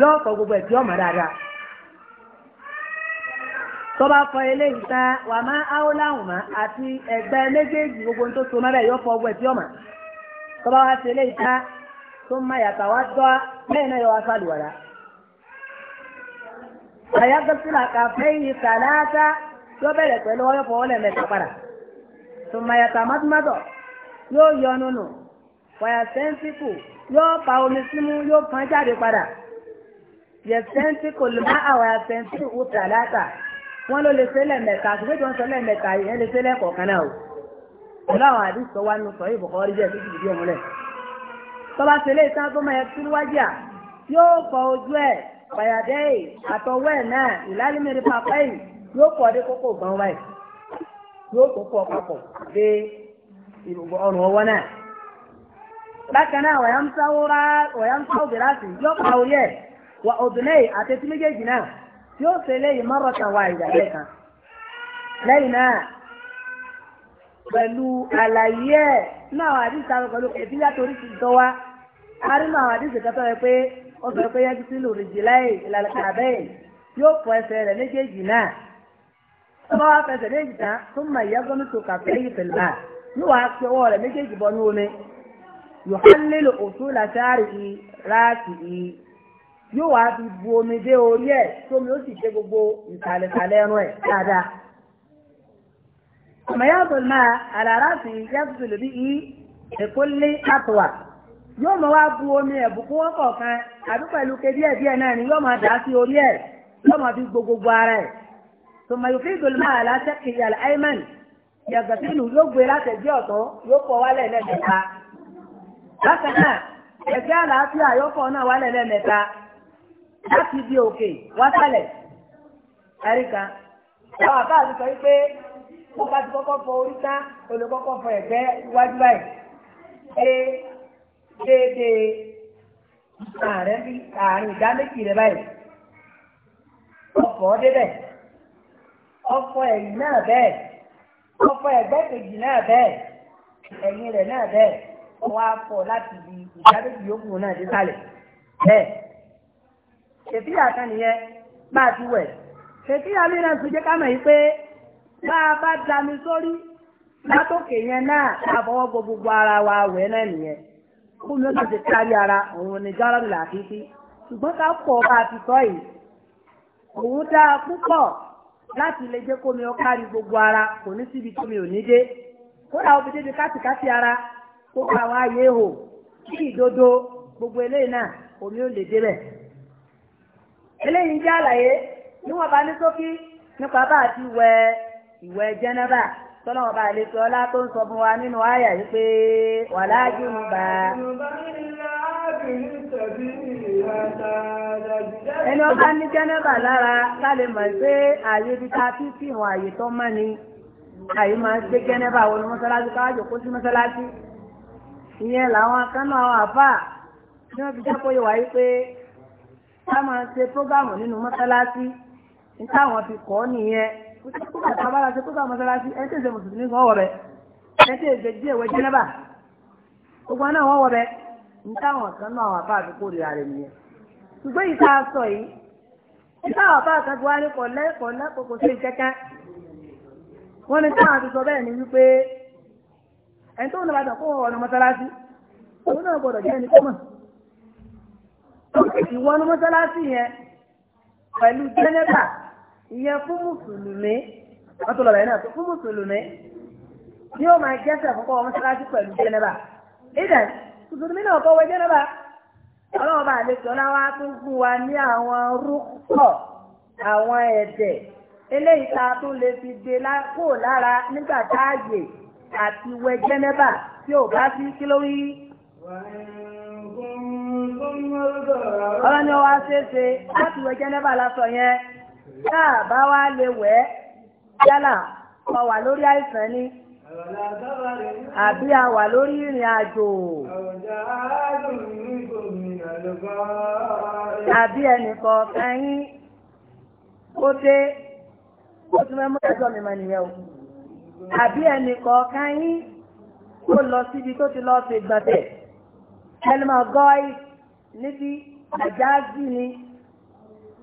yóò gbogbo ẹ̀ tí yóò mọ̀ tó bá fọ eléyìí tán wà má áúláhùnmá àti ẹgbẹ́ méjèèjì gbogbo tó so mọ́rẹ̀ yóò fọ ọgbẹ́ tí ó mà tó bá wá sí eléyìí tán tó má yàtọ̀ wá tọ́ lẹ́yìn náà yóò wá sálùwàlá. àyàgbẹ́sílà kàfẹ́ yìí kàláàtà yóò bẹ̀rẹ̀ pẹ̀lú ọyọ́ fọwọ́ lẹ́mẹ̀ta padà tó má yàtọ̀ mátúmátọ̀ yóò yọ nínú wàyà sẹ́ńtíkù yóò pa omi símú yóò pọn jáde padà yẹ sẹ́ńtíkù lùmọ́ àwàyà sẹ́ńtíkù wọ́n ló lè ṣe lẹ́ẹ̀mẹ́ta ṣùgbọ́n tí wọ́n sọ lẹ́ẹ̀mẹ́ta yẹn lè ṣe lẹ́ẹ̀kọ̀ọ̀kan náà o pẹ̀lú àwọn àdìsọ wa nù sọ ìbùkọ́ rí bẹ́ẹ̀ tó ti dìde múlẹ̀ tọ́ba ṣẹlẹ̀ ìtàn tó máa tún wájú à yóò fọ ojú ẹ̀ pàyàdé àtọwọ́ ẹ̀ náà ìlálímìrì pàpà yìí yóò fọ dé kókó gbọ́n báyìí yóò kó fọ papọ̀ dé ọrùn ọwọ́ náà bákan náà wọ̀nyá ń sáwó bìrásì yóò pa orí ẹ̀ wọ òdùnẹ́yì àti etí méjèèjì náà yóò ṣe lẹ́yìn mọ́rọ̀tàn wa ìdàgbẹ́ kan lẹ́yìn náà pẹ̀lú àlàyé ẹ̀ náà àwọn àdìsí àwọn pẹ̀lú ẹ̀bí látòrí ti dán wa a rí náà àwọn àdìsí kan sọ̀rọ̀ pé ó sọ pé yẹn ti lò rìjì láì ìlànà kàbẹ́ yóò pọ̀ ẹsẹ̀ rẹ̀ méjèèjì náà tó bá wá fẹsẹ̀ méjì tán tó mọ ìyá gómìnà kàfẹ́ yìí pẹ̀lú náà yóò wá pe ọwọ́ rẹ̀ méjèèjì bọ́ ní omi yòhánlélò òṣù làṣáàrì yìí ráàtì yìí yóò wá fi bu omi dé orí ẹ̀ tómi ó sì dé gbogbo ìsàlẹ̀sàlẹ̀ ẹran ẹ̀ dáadáa. àmọ́yàtọ̀ náà àlàrà sì yàtọ̀ lórí i èkó lé àtọ̀wà yóò mọ̀ wá bu omi ẹ̀bùkún bu kan àbí pẹ̀lú ke díẹ̀ náà ni yóò máa dà á sí orí ẹ̀ yóò máa fi gbogbo ara ẹ̀. tòmọ̀ yóò fi ìdòlùmọ̀ àlàáṣẹ́ kiri àlàáìmọ̀nì yàgbẹ̀sílù yóò gbé látẹ̀jẹ́ yóò pọ̀ wálẹ̀ lẹ́ẹ̀mẹ́ta. àlàáfíà yóò pọ̀ náà wálẹ̀ lẹ́ẹ̀mẹ́ta. láti ibi òkè wá sálẹ̀ àríkà àwọn àbá àti sọ wípé mo bá ti kọ́kọ́ fọ orí tán olùkọ́kọ́ fọ ẹ̀gbẹ́ iwájú báyìí ṣe déédéé ààrẹ bí àárín ìdá méjì rẹ báyìí ọkọ̀ débẹ̀ ọkọ̀ ẹ̀yìn náà bẹ́ẹ̀ ọkọ̀ kejì náà bẹ́ẹ̀ ẹ̀yìn rẹ̀ náà bẹ́ẹ̀ wọ́n á fọ láti ìdá méjì náà dé sálẹ̀ ṣètìyà kan nìyẹn bá a ti wẹ̀ ṣètìyà mìíràn tún jẹ́ ká mọ̀ yìí pé bá a bá dami sórí látòkè yẹn náà àfọwọ́ gbogbo ara wa wẹ̀ náà nìyẹn fún mi ó ti kárí ara òun ni jọ́rọ̀ là fi sí ṣùgbọ́n ká pọ̀ bá a ti sọ yìí òun dáa púpọ̀ láti lè jẹ́ kómi ó kárí gbogbo ara kò ní síbi tómi ò ní dé kódà ó fi débi kátikáti ara kó àwọn ààyè hò kí ìdodo gbogbo eléyìí náà omi ò lè débẹ̀ eléyìí jẹ́ àlàyé níwọ̀n bá ní sókí nípa bá àti wẹ ìwẹ̀ jẹ́nẹ́bà tọ́lọ́wọ́n bá àlejò ọlá tó ń sọ fún wa nínú àyà yìí pé wà láàájú ń bá. ẹni ọba ní jẹ́nẹ́bà lára ká lè mọ̀ pé ààyè ibi tá fi fi hàn ààyè tó mọ́ ni ààyè máa ń gbé jẹ́nẹ́bà wọnú mọ́sálásí káwájò kó sí mọ́sálásí ìyẹn làwọn kan náà àfà tí wọ́n fi jẹ́ kó yẹ wáyé pé ká máa ṣe prógámù nínú mọ́sálásí ní táwọn fi kọ́ nìyẹn kókà bá la ṣe kókà mọ́sálásí ẹni tí èsè mùsùlùmí kan wọ̀ bẹ́ ẹni tí èsè díẹ̀ wẹ̀ jẹ́nẹ́bà gbogbo náà wọ́n wọ̀ bẹ́ ní táwọn kan náà àwọn àbá àdúgbò rẹ̀ rẹ̀ nìyẹn ṣùgbọ́n yìí ká sọ yìí ní táwọn àbá wá ní kọ̀lẹ́ kọ̀lẹ́ kò kò sí kẹ́kẹ́ wọ́n ní táwọn ti sọ bẹ́ẹ̀ ni wípé ẹni tó ń lọ bàtà kó wọ̀ ọ̀nà ìwọ́nú mọ́sálásí yẹn pẹ̀lú jẹ́nẹ́bà ìyẹn fún mùsùlùmí wọ́n tó lọ́lọ́ yẹn náà fún mùsùlùmí ni ó máa jẹ́sẹ̀ fún kọ́wọ́ mọ́sálásí pẹ̀lú jẹ́nẹ́bà ìdẹ̀ mùsùlùmí náà kọ́wọ́ jẹ́nẹ́bà ọlọ́wọ́ bá àlejò ọláwá tún fún wa ní àwọn rúkọ̀ àwọn ẹ̀dẹ̀ eléyìí tá a tún lè fi gbé kó lára nígbà táàyè àti wẹ jẹ́nẹ́bà tí ò bá sí kí lórí. wàá ọlọ́ni ọwọ́ aṣeéṣe láti wẹ̀ jẹ́nẹ́bà lásọ yẹn náà bá wá lè wẹ̀ yálà ó wà lórí àìsàn ni àbí a wà lórí ìrìn àjò àbí ẹnìkan kẹyìn ó dé ó tún mẹ́mú ẹjọ́ mi mọ̀ nìyẹn o àbí ẹnìkan kẹyìn ó lọ síbi tó ti lọ́ọ́ ṣe gbọ̀tẹ̀ ẹni gọ́ọ̀ì níbi màjáàzì ni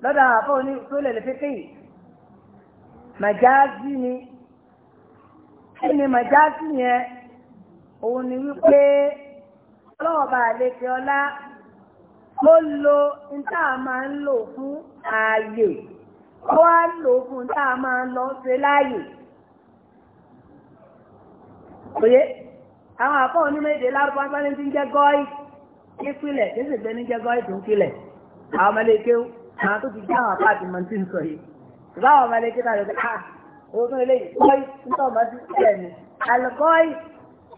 lọ́dọ̀ àbọ̀ ní tó lè lè fẹ́kẹ́ yìí màjáàzì ni kí ni màjáàzì yẹn òun ni wípé ọlọ́ọ̀bà àlejò ọlá ó lo níta máa ń lò fún ààyè ó wá lò fún níta máa ń lọ ṣe láàyè òye àwọn àfọ̀ onímọ̀ èdè lárúbáwá ní ti ń jẹ́ gọ́ọ̀yì ìpìlẹ̀ kéṣe gbé ní jẹ́gọ́ ìdùn pìlẹ̀ àwọn ọmọlẹ́kẹ́ àwọn tó ti jẹ́ àwọn apá àti mọ̀tí ń sọ yìí ṣùgbọ́n àwọn ọmọlẹ́kẹ́ náà lọ sí ah ogun eléyìí kọ́ì nítorí ọmọ ti sílẹ̀ ni alùkọ́ì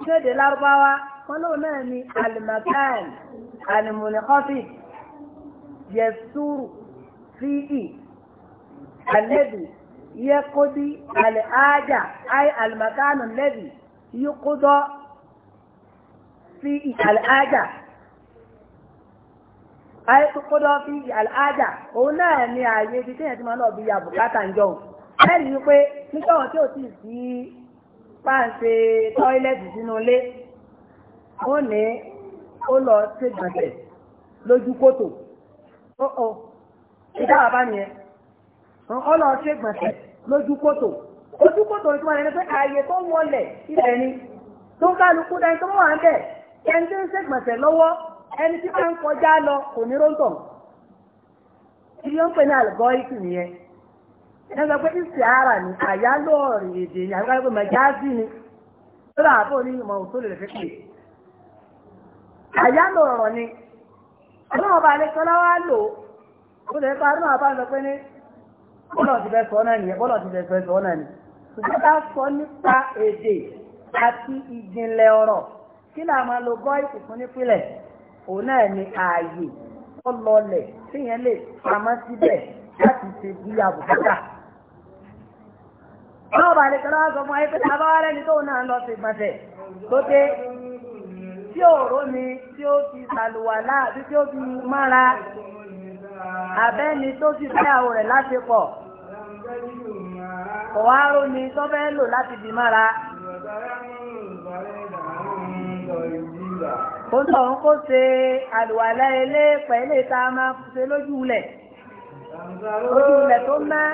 kéde lárúbáwá wọn lóun náà ni alimakan alimunikọ́fì yẹsùrù fíì alẹ́bì yẹkọ́dí alẹ́ájà ayé alimakanu lẹ́bì yíkúdọ́ fíì alẹ́ájà ayé tó kó dọ́ fi àjà òun náà ni ààyè ibi téèyàn ti máa lọ bí ya bùkátà ń jọun bẹ́ẹ̀ni wípé nígbàwọ̀n tí ò tí ì sí páǹṣe tọ́ílẹ̀tì sínú ilé wọ́n ní ó lọ ṣègbọ̀nsẹ̀ lójú kòtò ó ìdáwà bá nìyẹn ó lọ ṣègbọ̀nsẹ̀ lójú kòtò ojú kòtò ní tí wọ́n ní pé ààyè tó wọlẹ̀ ibẹ̀ ni tó kálukú dání tó wà ń bẹ̀ ẹni tó ṣègbọ̀nsẹ̀ lọ́wọ́ ẹni tí wọ́n ń kọjá lọ kò ní róńtọ̀ ilé ń pè ní àlùbọ́ìkì nìyẹn ẹni sọ pé ìsì ara ni àyálò ọ̀rìn èdè ni àbúkọ́ pé mẹjáàzì ni lórí àbò ní ìmọ̀ òtó lè fi pè àyálò ọ̀rọ̀ ni ọlọ́run ọba àlejò láwá lò ó lè pa ọlọ́run ọba sọ pé ní bọ́lọ̀ ti fẹ́ sọ náà nìyẹn bọ́lọ̀ ti fẹ́ sọ náà nìyẹn ṣùgbọ́n bá sọ nípa èdè àti ìjìnlẹ̀ ọ̀rọ̀ kí làwọn lo gọ́ìsì fún nípìnlẹ̀ òun náà ni ààyè ọlọlẹ̀ téèyàn lè pamọ́ síbẹ̀ láti ṣe bí àbùkátà. Báwo bá lè kọ́lá sọ fún ayé pé tábà tóun náà lọ sí ìgbọ̀nsẹ̀ tó tí òró mi tí ó fi sàlùwàlá àti tí ó fi mọ́ra àbẹ́ni tó ti fẹ́ àwọn rẹ̀ ó ń tọ̀hún kó ṣe àlùwàlá ilé pẹ̀lú ìta máa ṣe lójú ilẹ̀ tó mẹ́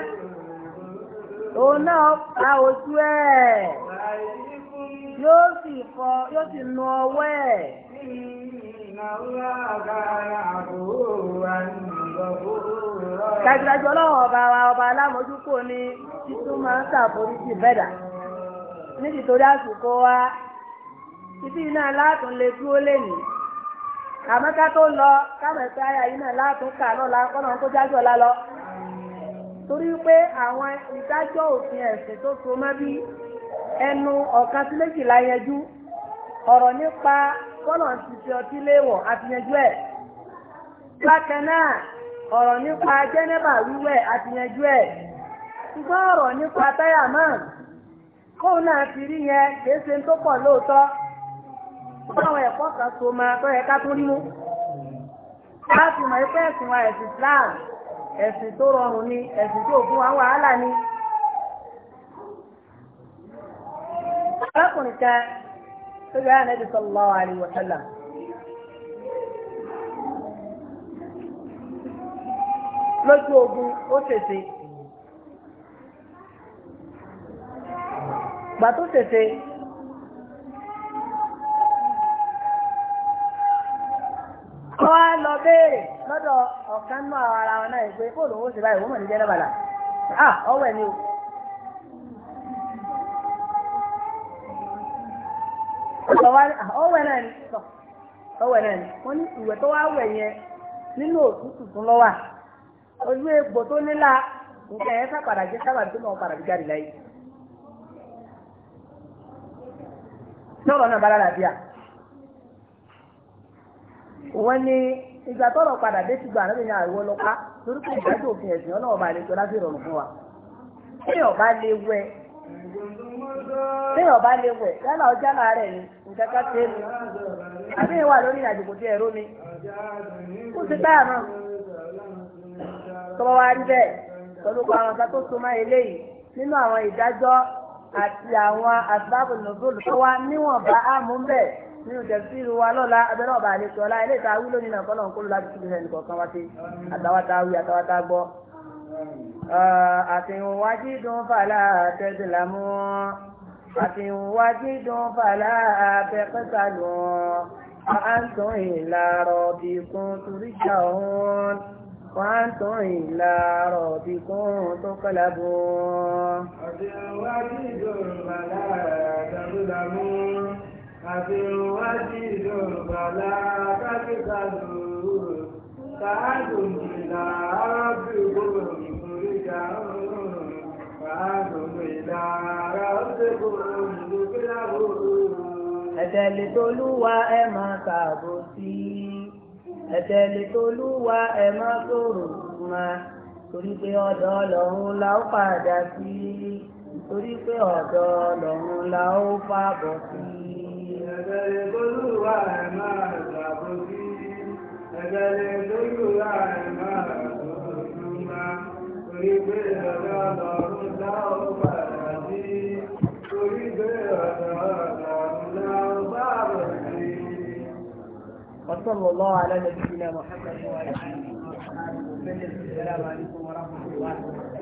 òun náà pa ojú ẹ̀ yóò sì nu ọwọ́ ẹ̀. Dájúdájú ọlọ́run ọba wa ọba alámojúkò ni títún máa ń ṣàforíjì bẹ́dà. Nítorí àsìkò wa títí náà látún lè dúró lẹ́nu àmọ́ká tó lọ káwọn ẹ̀fẹ́ ayà yìí ka látún kà lọ́la kọ́nà tó jájọ́ la lọ torí pé àwọn ìdájọ́ òfin ẹ̀sìn tó so mọ́ bí ẹnu ọ̀kan sí méjìlá yẹjú ọ̀rọ̀ nípa kọ́nà ti fi ọtí léèwọ̀ àtìyànjú ẹ̀ bákan náà ọ̀rọ̀ nípa jẹ́nẹ́bà wíwẹ̀ àtìyànjú ẹ̀ ṣùgbọ́n ọ̀rọ̀ nípa táyà náà kóun náà fi rí yẹn ṣe báwọn ẹ̀kọ́ kan so máa tọ́ yẹ ká rí mú láti mọ̀ ẹ̀sìn wa ẹ̀sìn Islam ẹ̀sìn ni ẹ̀sìn tó fún wa wàhálà ni. ọlọ́kùnrin kan tó ogun ó gbà tó wá lọ béèrè lọ́dọ̀ ọ̀kan náà ara wọn náà pé fóònù ó sì báyìí wọ́n mọ̀ ní jẹ́nàbàlà à ọwọ́ ẹ̀ ni o. ọwọ́ ẹ̀ náà ni ọwọ́ ẹ̀ náà ni wọ́n ní ìwẹ̀ tó wá wẹ̀ yẹn nínú òtútù lọ́wà ojú egbò tó nílà nǹkan ẹ̀ wọ́n ní ìgbà tọ́rọ̀ padà dé ti gbà lóbi ní àìwọ́ lọ́pá torí pé ìdájọ́ òfin ẹ̀sìn ọlọ́wọ́ ọba lè láti rọrùn fún wa. téèyàn bá lè wẹ̀ yálà ọjà náà rẹ̀ ni nǹkan ká tẹ́ àbí ìwà lórí ìrìnàjò kò tí ẹ̀rọ mi ti tọ́wọ́ wa pẹ̀lú àwọn so máa eléyìí nínú àwọn ìdájọ́ àti àwọn nínú tẹ̀síìrì wa lọ́la abẹ́rẹ́ ọ̀bà àlejò ọ̀la eléyìí tá a wí lónìí náà kọ́lọ̀ ń kó lóla títí bẹ́ẹ̀ nìkọ̀ọ̀kan wá sí àtàwátá wí àtàwátá gbọ́. àtìhùn wájú dùn fàlà tẹ̀sílà mú àtìhùn wájú dùn fàlà àfẹ́kẹ́sà lù وأنتم إلى ربكم ترجعون وأنتم إلى ربكم تقلبون àti wájú ìlú bàlá kápẹ́tà lòrò sáájú ìlà arábì gbogbo ìforí ìjà ọ̀run sáájú ìlà arábì gbogbo ìlú kíláàbò. ẹ̀tẹ̀lẹ̀ tolúwa ẹ̀ máa kààbò sí i ẹ̀tẹ̀lẹ̀ tolúwa ẹ̀ máa sọ̀rọ̀ máa torí pé ọ̀dọ̀ lọ́hún la ó padà sí i torí pé ọ̀dọ̀ lọ́hún la ó fàbọ̀ sí i ẹ̀bẹ̀ lè gbólúwà ẹ̀ máa gbàgbó sí ẹ̀bẹ̀ lè gbólúwà ẹ̀ máa gbòdúmá torí pé ọ̀dọ́ ọlọ́run dá ó padà sí torí pé ọ̀dọ́ ọlọ́run dá ó bàbọ̀ sí. وصلى الله على نبينا محمد وعلى اله وصحبه وسلم السلام عليكم ورحمه الله وبركاته